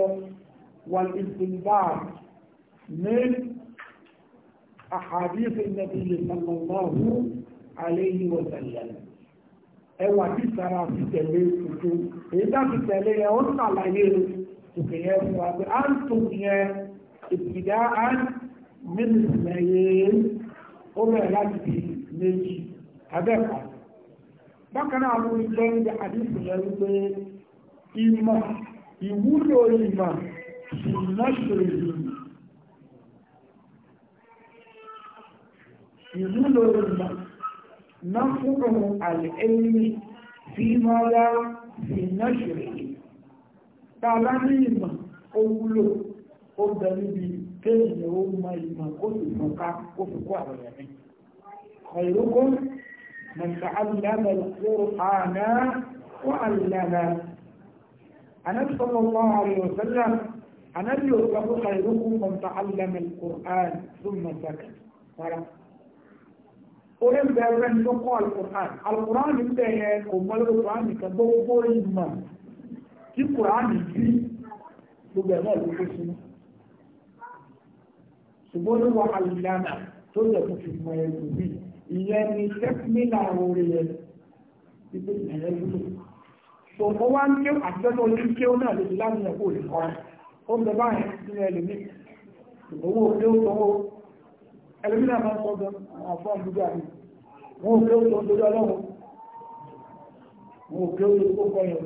wàlìsìnbà ní àhàdísì nẹ́bílẹ̀ sallallahu alayhi wa sallam ẹwà tí sara fi tẹ̀lé tuntun èyí tá fi tẹ̀lé ẹ̀ ó sàlàyé rẹ̀ تكلم عن الدنيا ابتداء من الملايين وما لا تكلم من هذا بقنا على الإسلام بحديث يرد إما يقول إما في نشر الدين يقول إما نفقه العلم فيما لا في نشره tààlá ní ìmọ̀ ó wúlò ó bẹ níbi kéèyàn ó mọ ìmọ̀ ó sì mọ̀ ká ó fi kó àwọn ẹ̀mí ọ̀yọ́kọ́ mọ̀tà alìlànà ìfòrànà ó alìlànà anábìsọ́lọ́lọ́ àríwọ̀sẹ́lẹ̀ anábì òkúta ó kàìrókù mọ̀tà alìlànà ìkùrán tó mọ̀ sàkà rárá orí ń bẹ̀rẹ̀ ní ló kọ́ alìkùrán alìkùrán ń bẹ̀rẹ̀ kò mọ́lẹ́ tí kùránì sí gbogbo ẹ̀ náà ló kó sínú ṣùgbọ́n ní wàhálà ìlànà tó yẹ kó fi mọ ẹrù mi ìyẹn ni tẹ́kínínà orí ẹ ibi ìyẹn wúlò ṣùgbọ́n wá ń ké àtẹ́nu orí ké náà lè fi láti ẹ̀kọ́ òlè kọ́ ó ń bẹ báyìí nínú ẹlòmí owó òkè ó sanwó ẹlòmí náà máa ń sọ àwọn afọ àdúgbò àmì wọn òkè ó sanwó lórí ọlọ́run wọn òkè ó sanwó kọ́ yẹn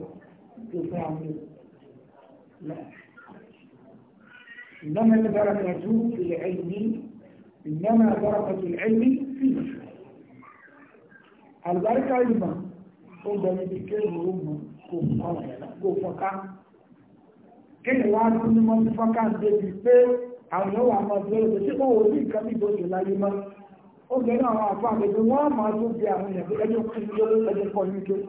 بفعل لا إنما البركة في العلم إنما بركة العلم في المشروع البركة علما ọgbọ̀n ní kéèrò ọmọ kò fọ́ká kéèrò wá tún ní mọ́ ní fọ́ká ń débi pé àwọn ọwọ́ àmọ́ ìgbẹ́rẹ̀ tó ṣe kọ́wọ́ ní nǹkan ní ìgbòsè láyé mọ́ ó bẹ̀rẹ̀ àwọn àfọ́ àgbẹ̀gbẹ̀ wọ́n máa tó bí àwọn ìyàgbẹ́ ẹjọ́ kí ní lórí ẹjọ́ kọ́ ní kéèrò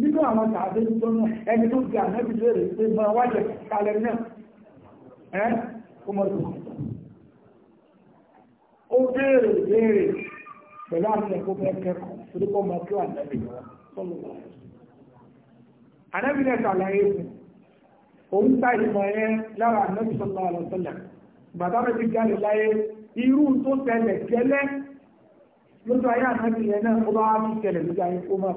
nínú àwọn tàbí tó náà ẹni tó gbà nẹ́bí lérè pé mọ wájẹ kalẹ̀ náà ẹ́ kó mọ́ tó ó béèrè béèrè pẹ̀lú àti ẹ̀kọ́ fẹ́ kẹ́kọ̀ọ́ torí kọ́ mọ́ kí wà nẹ́bí sọ́lọ́ ànẹ́bí náà ṣàlàyé fún òun ta ìmọ̀ yẹn lára ànẹ́bí sọ́lọ́ àlọ́sọ́lá bàbá mi ti jáde láyé irú tó tẹlẹ̀ gẹ́lẹ́ lójú ayé ànẹ́bí yẹn náà ó bá wá fi tẹlẹ̀ lójú ayé ó máa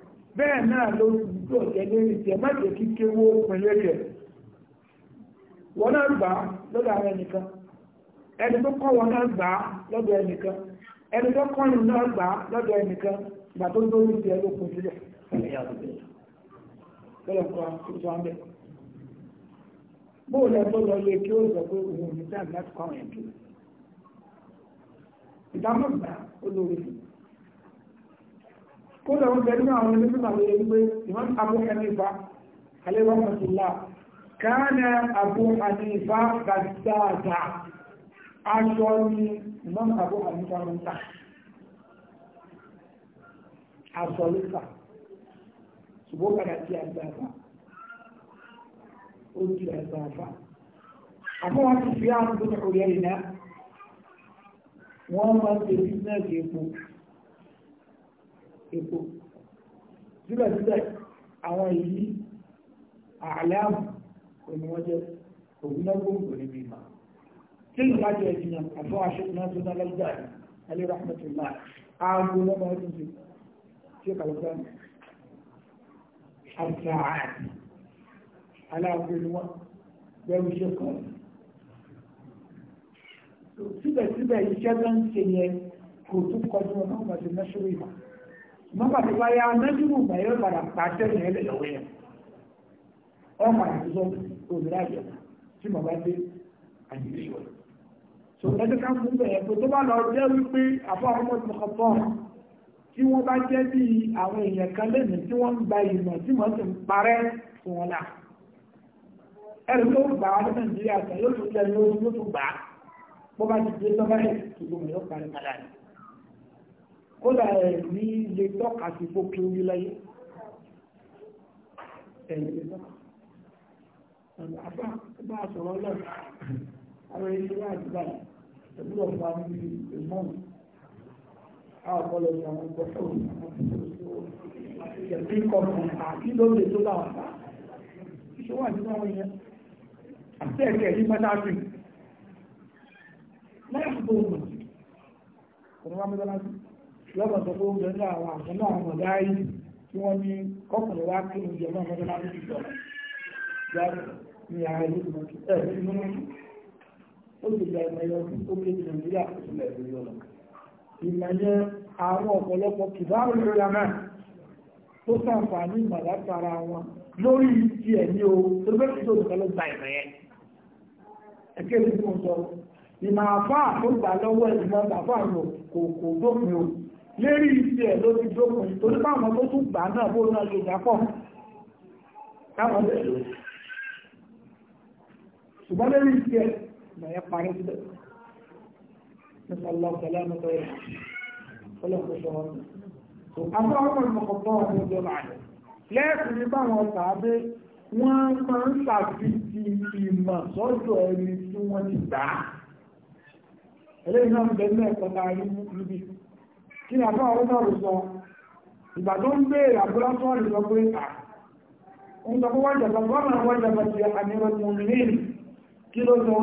bẹ́ẹ̀ náà ló ti tó ọ̀jẹ́ lérí tiẹ̀ kí kéwó wọn náà gbà á lọ́dọ̀ àwọn ẹnìkan ẹni tó kọ́ wọn náà gbà á lọ́dọ̀ ẹnìkan ẹni tó kọ́ yìí náà gbà á lọ́dọ̀ ẹnìkan gbà tó lórí tiẹ̀ ló pin sílẹ̀ lọ́dọ̀ kan tó sọ ọ́n bẹ́ẹ̀. bóòlù tó lọ yẹ kí ó sọ pé òun ò ní sáà láti kọ́ àwọn kódà wọn bẹ̀rẹ̀ náà àwọn onímọ̀ àwọn ẹni pé Imam Abu Hanifa alẹ́ rahmatullah kana Abu Hanifa gbàdáàdà aṣọ ni Imam Abu Hanifa ń ta aṣọ ló ta ṣùgbọ́n padà sí àgbàfà ó di àgbàfà àmọ́ wọn A fi àwọn tó ń epo síbẹ̀síbẹ̀ àwọn èyí àlẹ́àmù òní wọ́n jẹ́ ògúnnágbòǹgbò níbi ìmọ̀ tí ìlú wájú ẹ̀jì yẹn àbọ̀ aṣọ́kùn náà tó dá lọ́gbà rẹ̀ alẹ́ rahmatullah aago lọ́mọ ọdún sí tí ó kàwé sọ́nà àtàáàdì aláàbò ni wọ́n bẹ́ẹ̀ ń ṣe síbẹ̀síbẹ̀ iṣẹ́ tó ń ṣe yẹn kò tún kọjú wọn náà wọ́n ìmọ̀ mọ́gbà tó bá yá mẹ́jùmù bẹ̀rẹ̀ padà pàṣẹ yẹn lè lọ́wọ́ yẹn wọ́n padà tó sọ òmìnira yẹn tí mo bá dé àyílẹ̀ yọ̀ so ẹjọ́ ká fún bẹ̀rẹ̀ pé tó bá lọ jẹ́ wípé àbọ̀ ọmọ tó kọ tọ́ tí wọ́n bá jẹ́ bí àwọn èèyàn kan lẹ́nu tí wọ́n ń gba ìmọ̀ tí wọ́n sì ń parẹ́ fún wọn náà ẹ̀rù tó gbà wá ní Nàìjíríà sọ yóò tún lẹ́nu yóò tún gbà bó bá ti dé lọ́bàá kódà ẹ̀rí lè tọ́ka sí pókí orí láyé ẹ̀rí lè àbá bá a sọ̀rọ̀ àwọn ẹni wá àdúrà ẹ̀bí lọ fún àwọn a ọ̀pọ̀lọ àwọn ìgbọ́fẹ́ òun ẹ̀bí kọ̀ọ̀kan àti lóde tó bá wà bá iṣẹ́ wà nínú àwọn ìyẹn lọ́gbà tó kó oúnjẹ ní àwọn àgbẹ̀ náà àwọn ọ̀dá yìí tí wọ́n ní kọ́kùnrin wá kí oúnjẹ náà mọ́tò láti fi sọ ní ààrẹ ìlú ẹ̀ nínú ó sì gba ìmọ̀ ẹ̀yọ tí ó kéde Nàìjíríà tó lẹ̀ lórí ọ̀nà ìmọ̀ yẹn àwọn ọ̀pọ̀lọpọ̀ kìbáàrù lórí àmà tó sàǹfààní ìmọ̀ látara wọn lórí ti ẹ̀ ní o tó bẹ́ẹ̀ tó nìkan ló gba ìmọ̀ yẹn ẹ̀kẹ́ ìlú mọ̀ sọ ìmọ̀ àfáà tó gbà lọ́wọ́ ìmọ̀ àfáà lò kò kò dópin o lérí ìsì ẹ̀ ló ti jókòó tó ní báwọn tó tún gbà náà bó náà lè yàpọ̀ káwọn bẹ̀ lò ṣùgbọ́n lérí ìsì ẹ̀ lọ́yẹ parí síbẹ̀ nípa lọ́pẹ̀lá ẹnu bẹ̀rẹ̀ ọlọ́pẹ̀ sọ wọn tó àwọn ọmọ ìmọ̀kọ̀tọ́ ọmọ ìjọ wọ́n máa ń ṣàfihàn ìmọ̀ sọ́dọ̀ ẹni tí wọ́n ti gbà á ẹlẹ́yìn náà ń kí ni àbá ọ̀rọ̀ náà sọ ìgbà tó ń béèrè àbúrá sọ́ọ̀rì sọ pé à ń sọ pé wájà sọ pé ọmọ wájà bá ti àmì ọmọ mìíràn kí ló sọ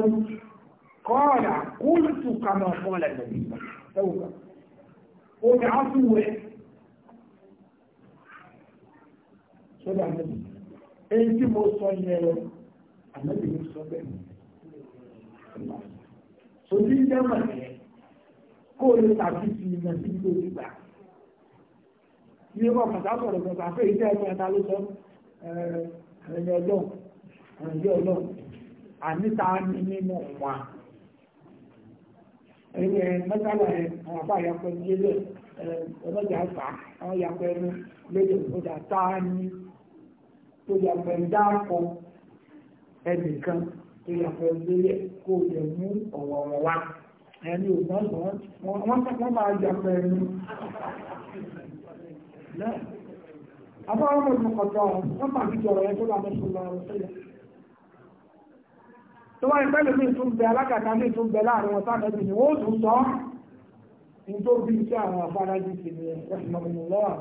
kọ́ọ̀là kúlùtù kàmà fọ́ọ̀lẹ̀ ẹ̀wùkà ó ní àfúwẹ̀ sọ́dọ̀ àmì èyí tí mo sọ yẹn àmì ìlú sọ bẹ́ẹ̀ sọ ní jẹ́ mọ̀ kó lè tàbí ti ìmọ̀ sí ibi tó ti gbà. Ilé bọ̀ kàtà sọ̀rọ̀ kan tàbí iṣẹ́ ẹgbẹ́ ẹ̀ta ló sọ ẹ̀rẹ̀ ọlọ́run ẹ̀rẹ̀ ọlọ́run àníta ni nínú wa. Ẹ̀rẹ̀ mẹ́tàlá ẹ̀ àwọn àbá àyàpọ̀ ní ilé ọlọ́jà àgbà àwọn àyàpọ̀ ẹnu lóde ìfọdà tá ní tó yàpọ̀ ẹ̀ dáàpọ̀ ẹnìkan tó yàpọ̀ ẹ̀ lórí kó lè mú ọ̀wọ̀ wọn wá ẹni ògbọ́n wọ́n máa máa jíjọ ọ̀rọ̀ ẹgbẹ́ tó bí iṣẹ́ àwọn afárá jù sí ni ẹ̀sùnmọ̀mọ̀ lọ́wọ́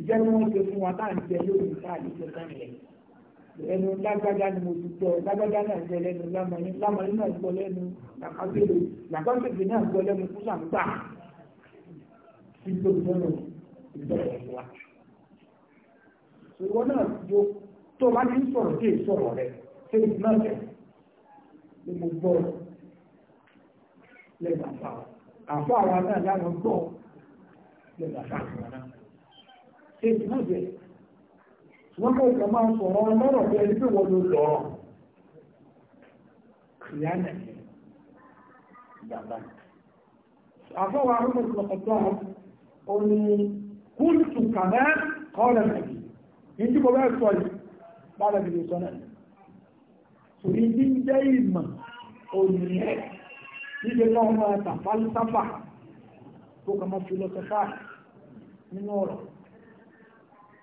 ìjẹ́ ni wọ́n ṣe fún wa táà ń jẹ lórí táà lè ṣe sọ́ọ̀lẹ̀ ẹnu lágbájá ni mo ti gbọ́ lágbájá náà gbọ́ lẹ́nu lámọ̀ní lámọ̀ní náà gbọ́ lẹ́nu làkàtúndì làkàtúndì náà gbọ́ lẹ́nu kúsà ń gbà tí tó ń ìbẹ̀rẹ̀ wa. ìwọ náà yóò tó bá ti ń sọ̀rọ̀ dé ìsọ̀rọ̀ rẹ̀ ṣé ìdí náà bẹ̀ ni mo gbọ́ lẹ́nu àfa àfa àwa náà láwọn gbọ́ lẹ́nu àfa àwa ṣé ìdí náà bẹ̀ wọ́n kò kàn máa sọ̀rọ̀ lọ́rọ̀ pé ẹni pé wọ́n ló lọ́rọ̀ kìíyànà ìjàmbá àfọwọ́ arúgbó ti lọ́kọ̀tọ́ ọ ní kúlùtù kàmẹ́ kọ́ọ̀lẹ̀ nàbí ní mo bẹ́ẹ̀ sọ yìí bá lẹ́bi lè sọ náà torí ní jẹ́ ìmọ̀ òyìnbó níbi náà máa tà fálísáfà tó kàn máa fi lọ sẹ́fà nínú ọ̀rọ̀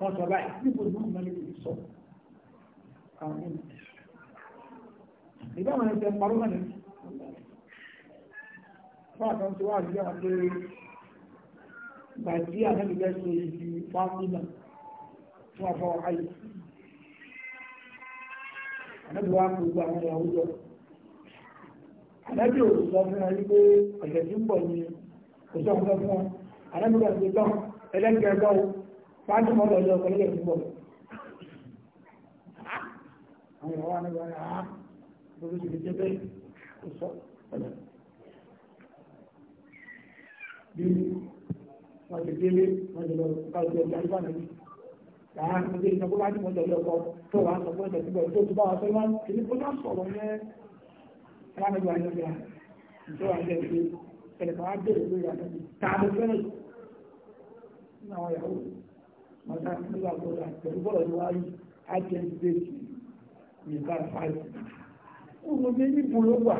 wọ́n sọ báyìí níbo ni wọ́n mẹ́lẹ́ lè sọ àwọn ẹni ìgbà wọn ẹsẹ̀ parọ́ náà nìyí fún àtọ́ tí wọ́n àdúgbò àwọn pé gbàdí àdébìlẹ̀ ṣe ibi fámílà fún àfọ àyè àdébìlẹ̀ wọn kò gba àwọn ìyàwó jọ àdébìlẹ̀ ò sọ fún wọn wípé ọ̀sẹ̀ tí ń bọ̀ ni kò sọ fún wọn àdébìlẹ̀ ò sọ fún wọn ẹlẹ́gbẹ̀ẹ́ sáájú mọ́ lọ́jọ́ ọkọ̀ lóye ìdúgbò. àwọn ìwà wà nígbà náà lórí ìdílé jẹ́ bẹ́ẹ̀ kò sọ bí wọ́n ti délé wọ́n ti lọ káwọn ìjọba ìjọba náà yàrá ní ilé ìjọba wájú mọ́ lọ́jọ́ ọkọ̀ tó wà sọ pé ẹ̀sẹ̀ síbẹ̀ tó bá wa sọ wọn kó náà sọ̀rọ̀ yẹn alámẹ́gbà ní ọjà ìjọba ìjọba ìjọba ẹ̀rẹ̀ kan á bẹ̀rẹ̀ lórí àtẹ̀jù tá a fẹ́rẹ̀ nínú àwọn ìyàwó rẹ̀. màtá ndị tó dà pẹ̀lú bọ́ọ̀lù ni wáyé àjẹsídéètì nígbà fáìlì kúrò ní níbo ló wà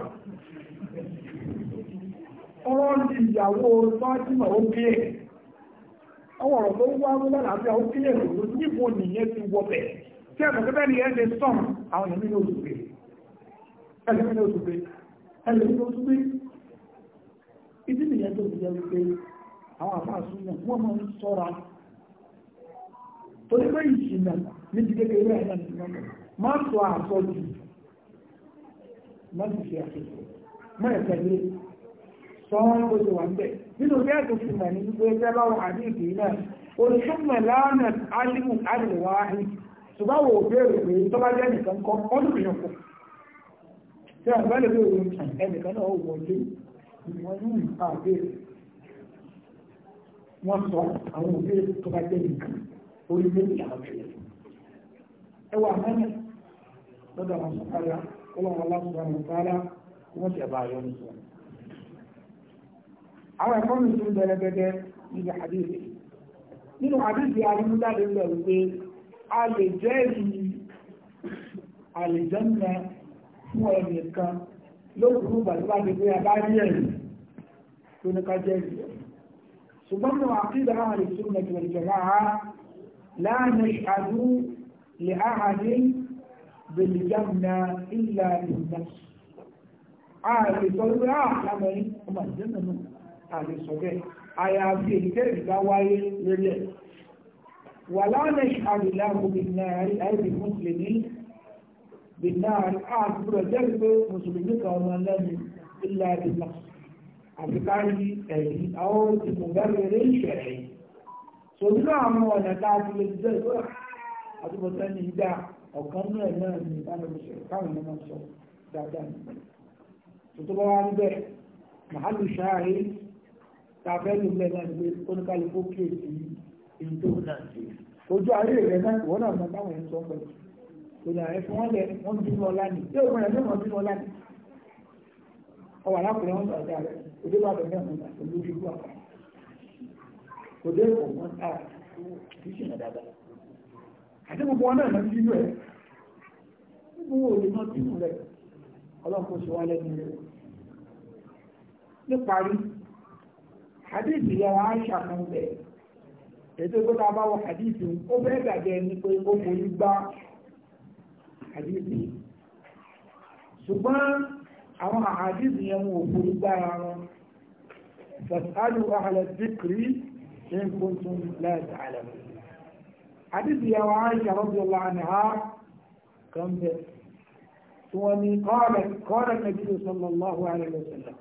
torí pé ìṣìnà níbi kékeré ẹ̀ náà nìkan má sọ àsọjù má sì ṣe àṣejù má ẹ̀ tẹ̀lé sọ́ọ́n ló ti wà ń bẹ̀ nínú bí ẹ̀kọ́ fi mọ̀ ní wípé ẹgbẹ́ bá wà ní ìdí náà olùsúnmọ̀ lánà alimu alìwà ahì ṣùgbọ́n wò béèrè pé tó bá jẹ́ nìkan kọ́ ọdún mìíràn kù tí a bá lè béèrè ẹnìkan náà wọlé ìwọ̀n ní àbẹ̀rẹ̀ wọ́n sọ àwọn òbí tó bá jẹ́ nìkan orí méjì àwọn ẹ̀yẹ. ẹ wà mẹ́rin lọ́dọ̀ àwọn sọ̀kárá ọlọ́run aláṣọ àwọn sọ̀kárá wọ́n ti ẹ̀bà ayọ́ nìkan. àwọn ẹ̀kọ́ mi tún bẹ̀rẹ̀ gẹ́gẹ́ níbi àdéhùn. nínú àdéhùn arimúdáde ń bẹ̀rù pé a lè jẹ́ èyí àlèjọ́nà fún ẹnìkan lókùnrin gbàdúrà pé a bá rí ẹ̀rí tó ní ká jẹ́ ìrìn. ṣùgbọ́n nínú àkídà àwọn ìṣúná ìjọba لا نشهد لأحد بالجنة إلا للنفس أهل طلوع أحلمين آه، وما الجنة أهل صغير أي أبي كير دواي لله ولا نشهد له بالنار أي بالمسلمين بالنار أعطبر آه، جلب مسلمين كونان لهم إلا للنفس أبي كاري أهل أو تمغرر الشرعي sòdúrà àwọn ọ̀nà tá a ti lè jẹ́ ìgbọ́ra àtúbọ̀tẹ́ ní ìdá ọ̀kan náà náà ní ìbánisọ̀ káwọn ọmọ sọ dáadáa ní. tòtò bá wá ń bẹ̀ màálù ṣáàrí tá a fẹ́ lò bẹ́ẹ̀ náà gbé oníkálukú kéèkì èyí tó náà ṣe. ojú ayé rẹ̀ náà wọ́n náà mọ táwọn ẹ̀ sọ pẹ̀lú. ònà ẹ̀ fún wọn lẹ wọ́n bí wọn lánìí tí òun rẹ̀ mọ̀ bí lánìí. ọwọ́ alákùnrin wọn sọ̀rọ̀ kò dé kò wọ́n á ah, kì ṣe dáadáa àti gbogbo wọn náà lọ́dún nínú ẹ̀ gbogbo òde náà bínú rẹ̀ ọlọ́pọ̀ ṣe wá lẹ́nu rẹ̀ níparí hadith ìyàwó aṣà kan bẹ̀ ètò tó bá wọ hadith ó fẹ́ dàbí ẹni pé ó forí gbá hadith ṣùgbọ́n àwọn hadith yẹn wọn ò forí gbá ara wọn fasalu ahla dhikri إن كنتم لا تعلمون حديث يا عائشة رضي الله عنها كم ثم قالت قال النبي صلى الله عليه وسلم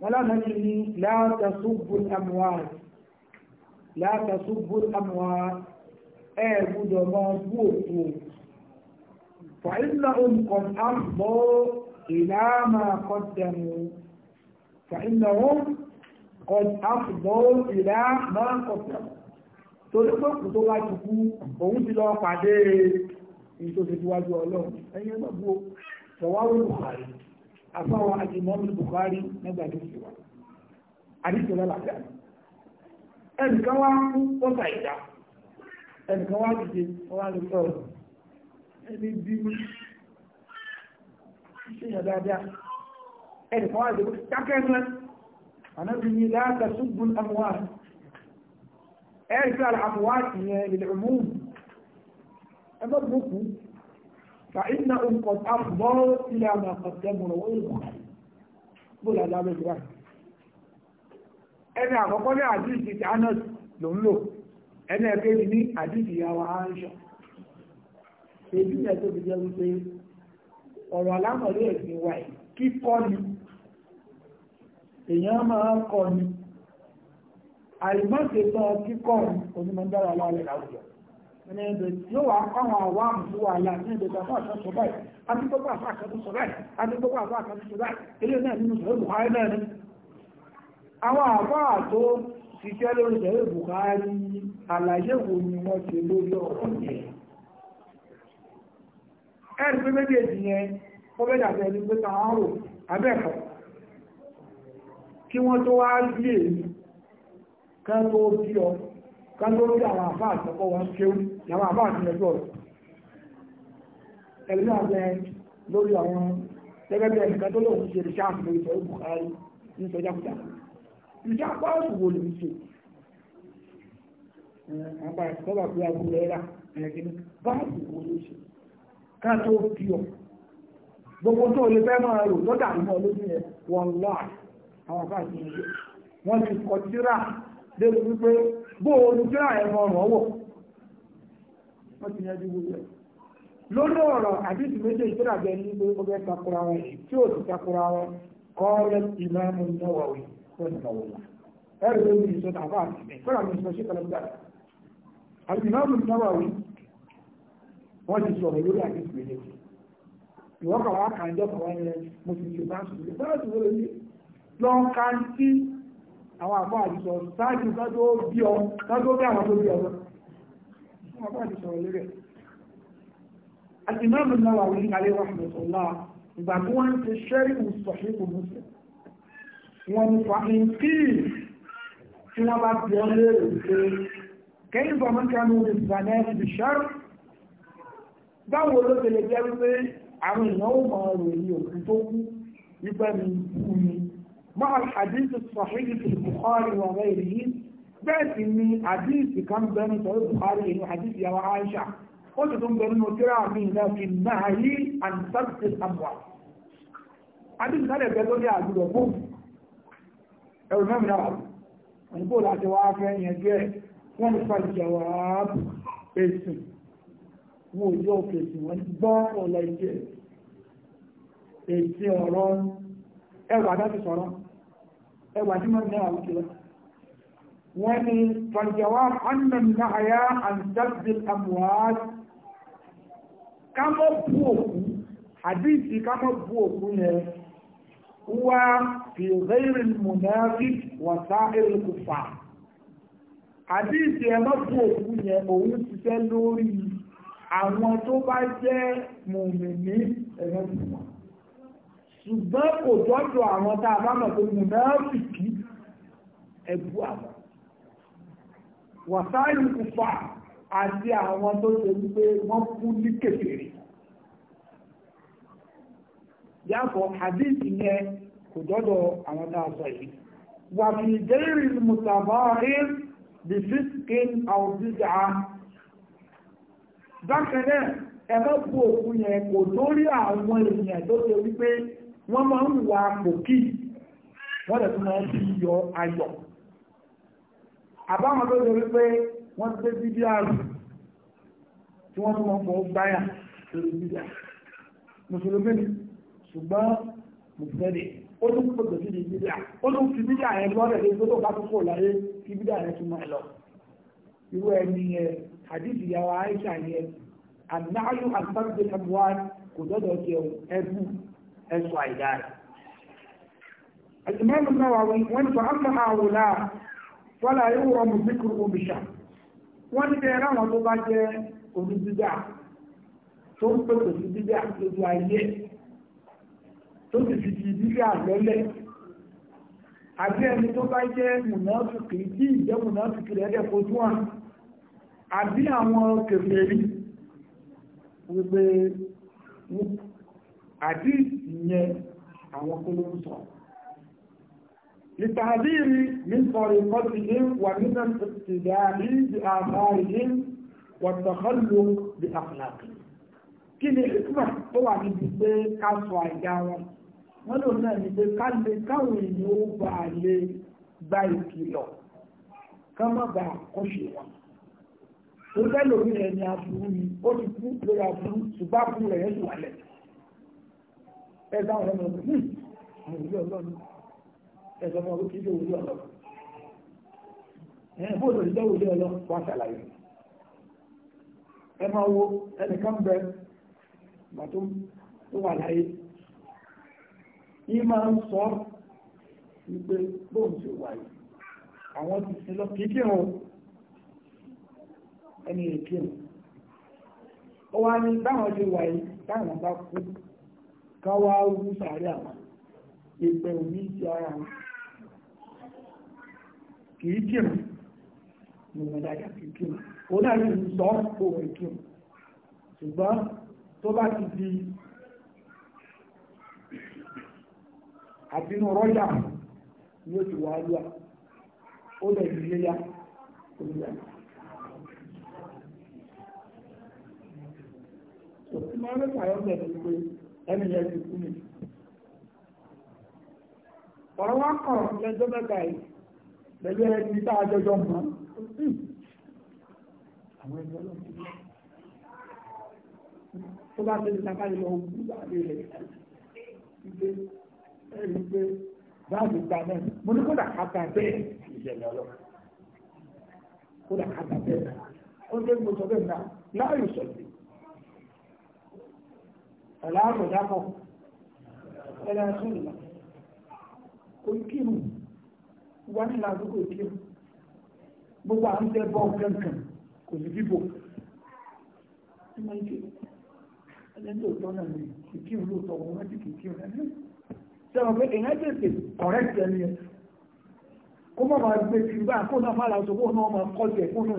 ولا نبي لا تصب الأموال لا تصب الأموال أي ما بوتوا فإنهم قد أفضوا إلى ما قدموا فإنهم قد أفضل إلى ما قبله torí pé kù tó wá ti kú òun ti lọ pàdé èyí tó ti wájú ọlọ́run ẹ̀yìn ẹgbẹ́ bu ṣọ̀wáwé Bukhari afáwọn àjùmọ́mí Bukhari nígbà tó sì wá àdìsọ lálàáfíà ẹnìkan wá kú pọ́tà ìdá ẹnìkan wá dìde wá lè sọ̀rọ̀ ẹni bí ṣèyàn dáadáa ẹnìkan wá dìde dákẹ́ mẹ́rin ànábì ní láàtà ṣùgbùn àmúwà ẹ̀ẹ́sì àmúwà ti yẹn lè mú ẹgbẹ́ gbókù fa iná nǹkan àfùbọ́ ilé àmà àkọsẹ́ mọ̀rọ̀ wọ́n yóò bó làlá bẹ́ẹ̀ gbà ẹni àkọ́kọ́ ní àdìsí ti anas ló ń lò ẹni ẹ̀kẹ́ni ní àdìsí ìyàwó aṣọ èyí ni ẹ̀tọ́ ti jẹ́ wípé ọ̀rọ̀ alámọ̀lé ẹ̀sìn wa kíkọ́ ni èèyàn máa kọ ni àìmọ́ṣetán kíkọ́ ni onímọ̀dára aláàlẹ̀ láwùjọ ẹni ẹ̀dẹ̀ yóò wá káwọn àwọn àmúwò àlà ní ẹ̀dẹ̀ gbàgbọ́ àṣà sọ báyìí adigbogbo àṣà àkàtú sọ báyìí adigbogbo àṣà àkàtú sọ báyìí eré náà nínú sọ̀rọ̀ Buhari náà ni àwọn àbáà tó ṣiṣẹ́ lórí sọ̀rọ̀ Buhari àlàyé wo ni wọ́n ṣe lórí ọ̀rọ̀ yẹn ẹ̀rí pé méjèèjì yẹn ó bẹ́ẹ̀ dàbẹ̀ ẹni pé táwọn rò abẹ́ẹ̀kọ́ kí wọ́n tó wá rí èyí kan tó bí ọ kan tó rí àwọn àfá àtọ́kọ́ wọn kéwú àwọn àfá àti ẹjọ́ rẹ̀ ẹ̀rí náà lórí àwọn gẹ́gẹ́ bí ẹnìkan tó lòun ṣe rìṣáàfù lórí ìfẹ́ Buhari ní ìfẹ́ jákújá rìṣáàfù ọ̀sùn wo lòun ṣe àgbà ìfọ́bà pé agbóhùn ẹ̀rá ẹ̀rẹ́gẹ́ni báàbù wo ló ṣe kan tó bí ọ gbogbo tó lè fẹ́ máa rò lọ́dà ìmọ̀ lójú yẹn wọn láàrín àwọn bá ti ṣe wọ́n ti kọ tíra lébi wípé bó orí tíra ọ̀rọ̀ wò wọ́n ti yanjú gbogbo ẹ̀ lórí ọ̀rọ̀ àdìsí méjì tíra bẹ ní pé ó fẹ́ takura wọn tí ó sì takura wọn kọ́ọ́lẹ́ ìmáàmù Nawawi tó ń tọ̀wọ̀ wà ẹ̀rọ ló ní ìṣọ́ tàbá àtìmẹ̀ kọ́ra mi sọ sí kọlọ́gbà àlùmáàmù Nawawi wọ́n ti sọ̀rọ̀ lórí àdìsí méjì ìwọ́kọ̀ wa kàn jọ́ kọ̀ yẹn mo ti ṣe bá ń sọ̀rọ̀ bá ń sọ̀rọ̀ lọ ń ká sí àwọn àpá àdìsọ sáájú kájọ́ bí ọ kájọ́ bí àwọn tó bí ọ fún àpá àdìsọ lérẹ̀ àti náà mi náà wà ní alẹ́ rahmatullah ìgbà tí wọ́n ń ṣe ṣẹ́rí ìsọ̀ṣẹ́kù muslim wọ́n ń fa ìpín tí wọ́n bá bí ọ lérè مع الحديث الصحيح في البخاري وغيره بس إني حديث كان بين صحيح البخاري إنه حديث يا عائشة قلت بين وترى من لكن نهي عن سبت الأموال حديث هذا يقول يا أبو بكر أو ما من أبو نقول أتواف يا جاي ونفع الجواب اسم وجوك اسم ونبقى ولا يجي اسم أوران ẹwà dájú sọ̀rọ̀ ẹwà tí wọ́n náà wùkí lọ. wọ́n ni faljawab annan nahaya an tasbil amwat ká mọ́ bú òkú àdíìsì ká mọ́ bú òkú yẹn wá fi ghairi munafiq wa sa'ir kufar àdíìsì ẹ mọ́ bú òkú yẹn òun ṣiṣẹ́ lórí àwọn tó bá jẹ́ mùmìnì ẹ̀rọ ìwọ̀n ṣùgbọ́n kò jọ́jọ́ àwọn tá a bá mọ̀ pé mo náà sì kí ẹ̀bù àwọn wàsáàlù kùfà àti àwọn tó ṣe wípé wọ́n kú ní kékeré yàtọ̀ hadith yẹn kò jọ́jọ́ àwọn tá a sọ yìí wà fi jẹ́rìí mùsàbárí bí fíṣkín àwùjíjà bákan náà ẹ̀rọ bu òkú yẹn kò lórí àwọn èèyàn tó ṣe wípé wọ́n máa ń wà pòkí wọ́n lè tún máa ń fi yọ ayọ̀ àbáwọn tó lè rí pé wọ́n ti gbé bíbí àrùn tí wọ́n tún máa ń fọ́ gbáyà lórí bíbí àrùn mùsùlùmí ni ṣùgbọ́n mùsùlùmí ó tún kó tó síbi bíbí àrùn ó tún fi bíbí àrùn lọ́rẹ̀ lórí tó tó bá tó kò láyé kí bíbí àrùn tún máa lọ irú ẹni yẹn àdìsí yàwó àìsàn yẹn ànáyù àtàkùn kò dọ́dọ̀ jẹun ẹbú ẹ̀sùn àìdá rẹ̀. Al-Imam Nawawi wọ́n fa amma àwòlá wọ́lá yóò rọ mú zikru omíṣà. Wọ́n ní bẹ́ẹ̀ ráwọn tó bá jẹ́ orí dídá tó ń pè kò sí dídá lójú ayé tó sì fi ti dídá lọ́lẹ̀. Àbí ẹni tó bá jẹ́ mùnáfìkì tí ìjẹ́ mùnáfìkì rẹ̀ dẹ̀ fojú hàn. Àbí àwọn kèfèrí wípé àdíìsì yẹn àwọn kó ló ń sọ ìtàdíìrí ní sọ̀rọ̀ ìkọ́sí ní wà nínú ìdàrí di àbárí ní wọ̀tọ̀kọ́lù di àfìlàkì kí ni ìtumọ̀ tó wà níbi pé ká sọ àìdá wọn wọ́n lò náà ní pé ká lè káwọn èèyàn ó bá a lè gba ìkìlọ̀ ká má ba àkọ́ṣe wọn tó fẹ́ lómi ẹni aburú ni ó ti kú lórí aburú ṣùgbọ́n aburú rẹ̀ yẹn ti wà lẹ́yìn ẹ̀dá hmm. àwọn ọmọ ọdún ìlú ọlọ́run ẹ̀dá ọmọ ọdún kìí ṣe ọlọ́run ẹ̀yìn bóòdù ìjọ òwúrọ̀ ọlọ́run wà ṣàlàyé ẹ máa wo ẹnìkan bẹ bà tó wà láyé yìí máa ń sọ wípé bóòdù ṣe wà yìí àwọn ti sin lọ kìí kírun ẹni ìkírun ó wá ní báwọn ṣe wà yìí táwọn bá kú káwá rú sàárẹ̀ àwọn ìpẹ̀ òní ti ara wọn kìí kírùn ní wọn dájá kìí kírùn ó dájú ń sọ òun kírùn ṣùgbọ́n tó bá ti di àbínú wà lúwà ó lẹ̀ ní léyà olùyà ẹni yẹn ti kú mi. ọ̀rọ̀ wa kọ̀ lẹ́jọ́ mẹ́ta yìí lẹ́jọ́ yẹn ti tá àjọjọ mọ́ àwọn ẹgbẹ́ ọlọ́run tó bá tẹ́lẹ̀ sáká lọ wú láàrin ilẹ̀ ìgbé ẹ̀rí pé báàgì gba náà mo ní kódà kàtà bẹ́ẹ̀ ìṣẹ̀lẹ̀ ọlọ́run kódà kàtà bẹ́ẹ̀ ó ń tẹ́ mo sọ náà láàyò sọ̀tì ọ̀la àmọ̀dápọ̀ ẹ̀rọ ẹ̀sùn ìlà oríkìrù wà ní àdúgbò ìkìrù gbogbo à ń tẹ́ bọ́ kankan kò sí bíbò ẹlẹ́dẹ̀ òtọ́ náà ni ìkìrù lóòótọ́ wọn wọ́n ti kìkìrù náà sẹ́wọ̀n pé èèyàn tètè correct ẹni yẹn kó má máa gbé kìrù báyìí kó náà má la sọ kó náà máa kọ́ jẹ kó náà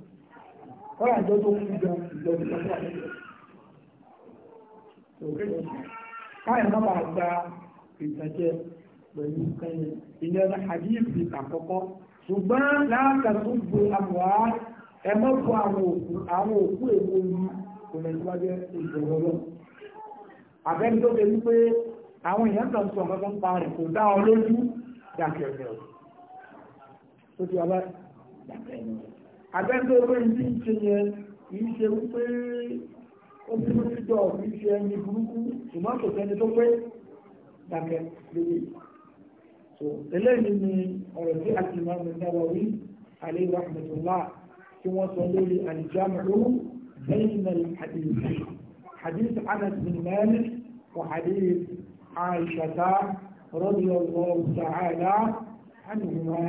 kọ́ra ìjọ tó kú gan ìjọ tó kọ́ káyọ̀ má bàa gba ìtànjẹ pẹ̀lú kẹyìn ìyẹn àdíyèsí àkọ́kọ́ ṣùgbọ́n láàkàtún gbé àwọ̀ ẹ má bọ àwọn òkú àwọn òkú èwo ni kò lè tó wájẹ́ ìjọba lọ. àbẹ́ni tó ṣe wípé àwọn èèyàn kan sọ nǹkan kan pa rẹ̀ kò dá ọ lójú dàkẹ́ rẹ̀ tó ti wá bá dàkẹ́ rẹ̀ àgbẹ́gbẹ́ owó ìdí ìṣe yẹn kìí ṣe wípé ó bí ló fi jọ kìí ṣe ẹni burúkú ṣùgbọ́n kò sẹ́ni tó pé dàkẹ́ lórí. so eléyìí ni ọ̀rọ̀ tí a ti máa ń dára wí alẹ́ rahmatullah tí wọ́n sọ lórí alìjámù بين الحديث حديث أنس بن مالك وحديث عائشة رضي الله تعالى عنهما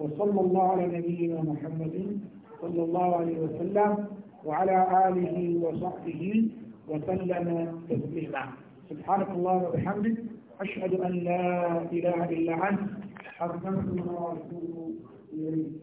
وصلى الله على نبينا محمد صلى الله عليه وسلم وعلى آله وصحبه وسلم تسليما سبحانك الله وبحمدك أشهد أن لا إله إلا أنت أستغفرك وأتوب إليك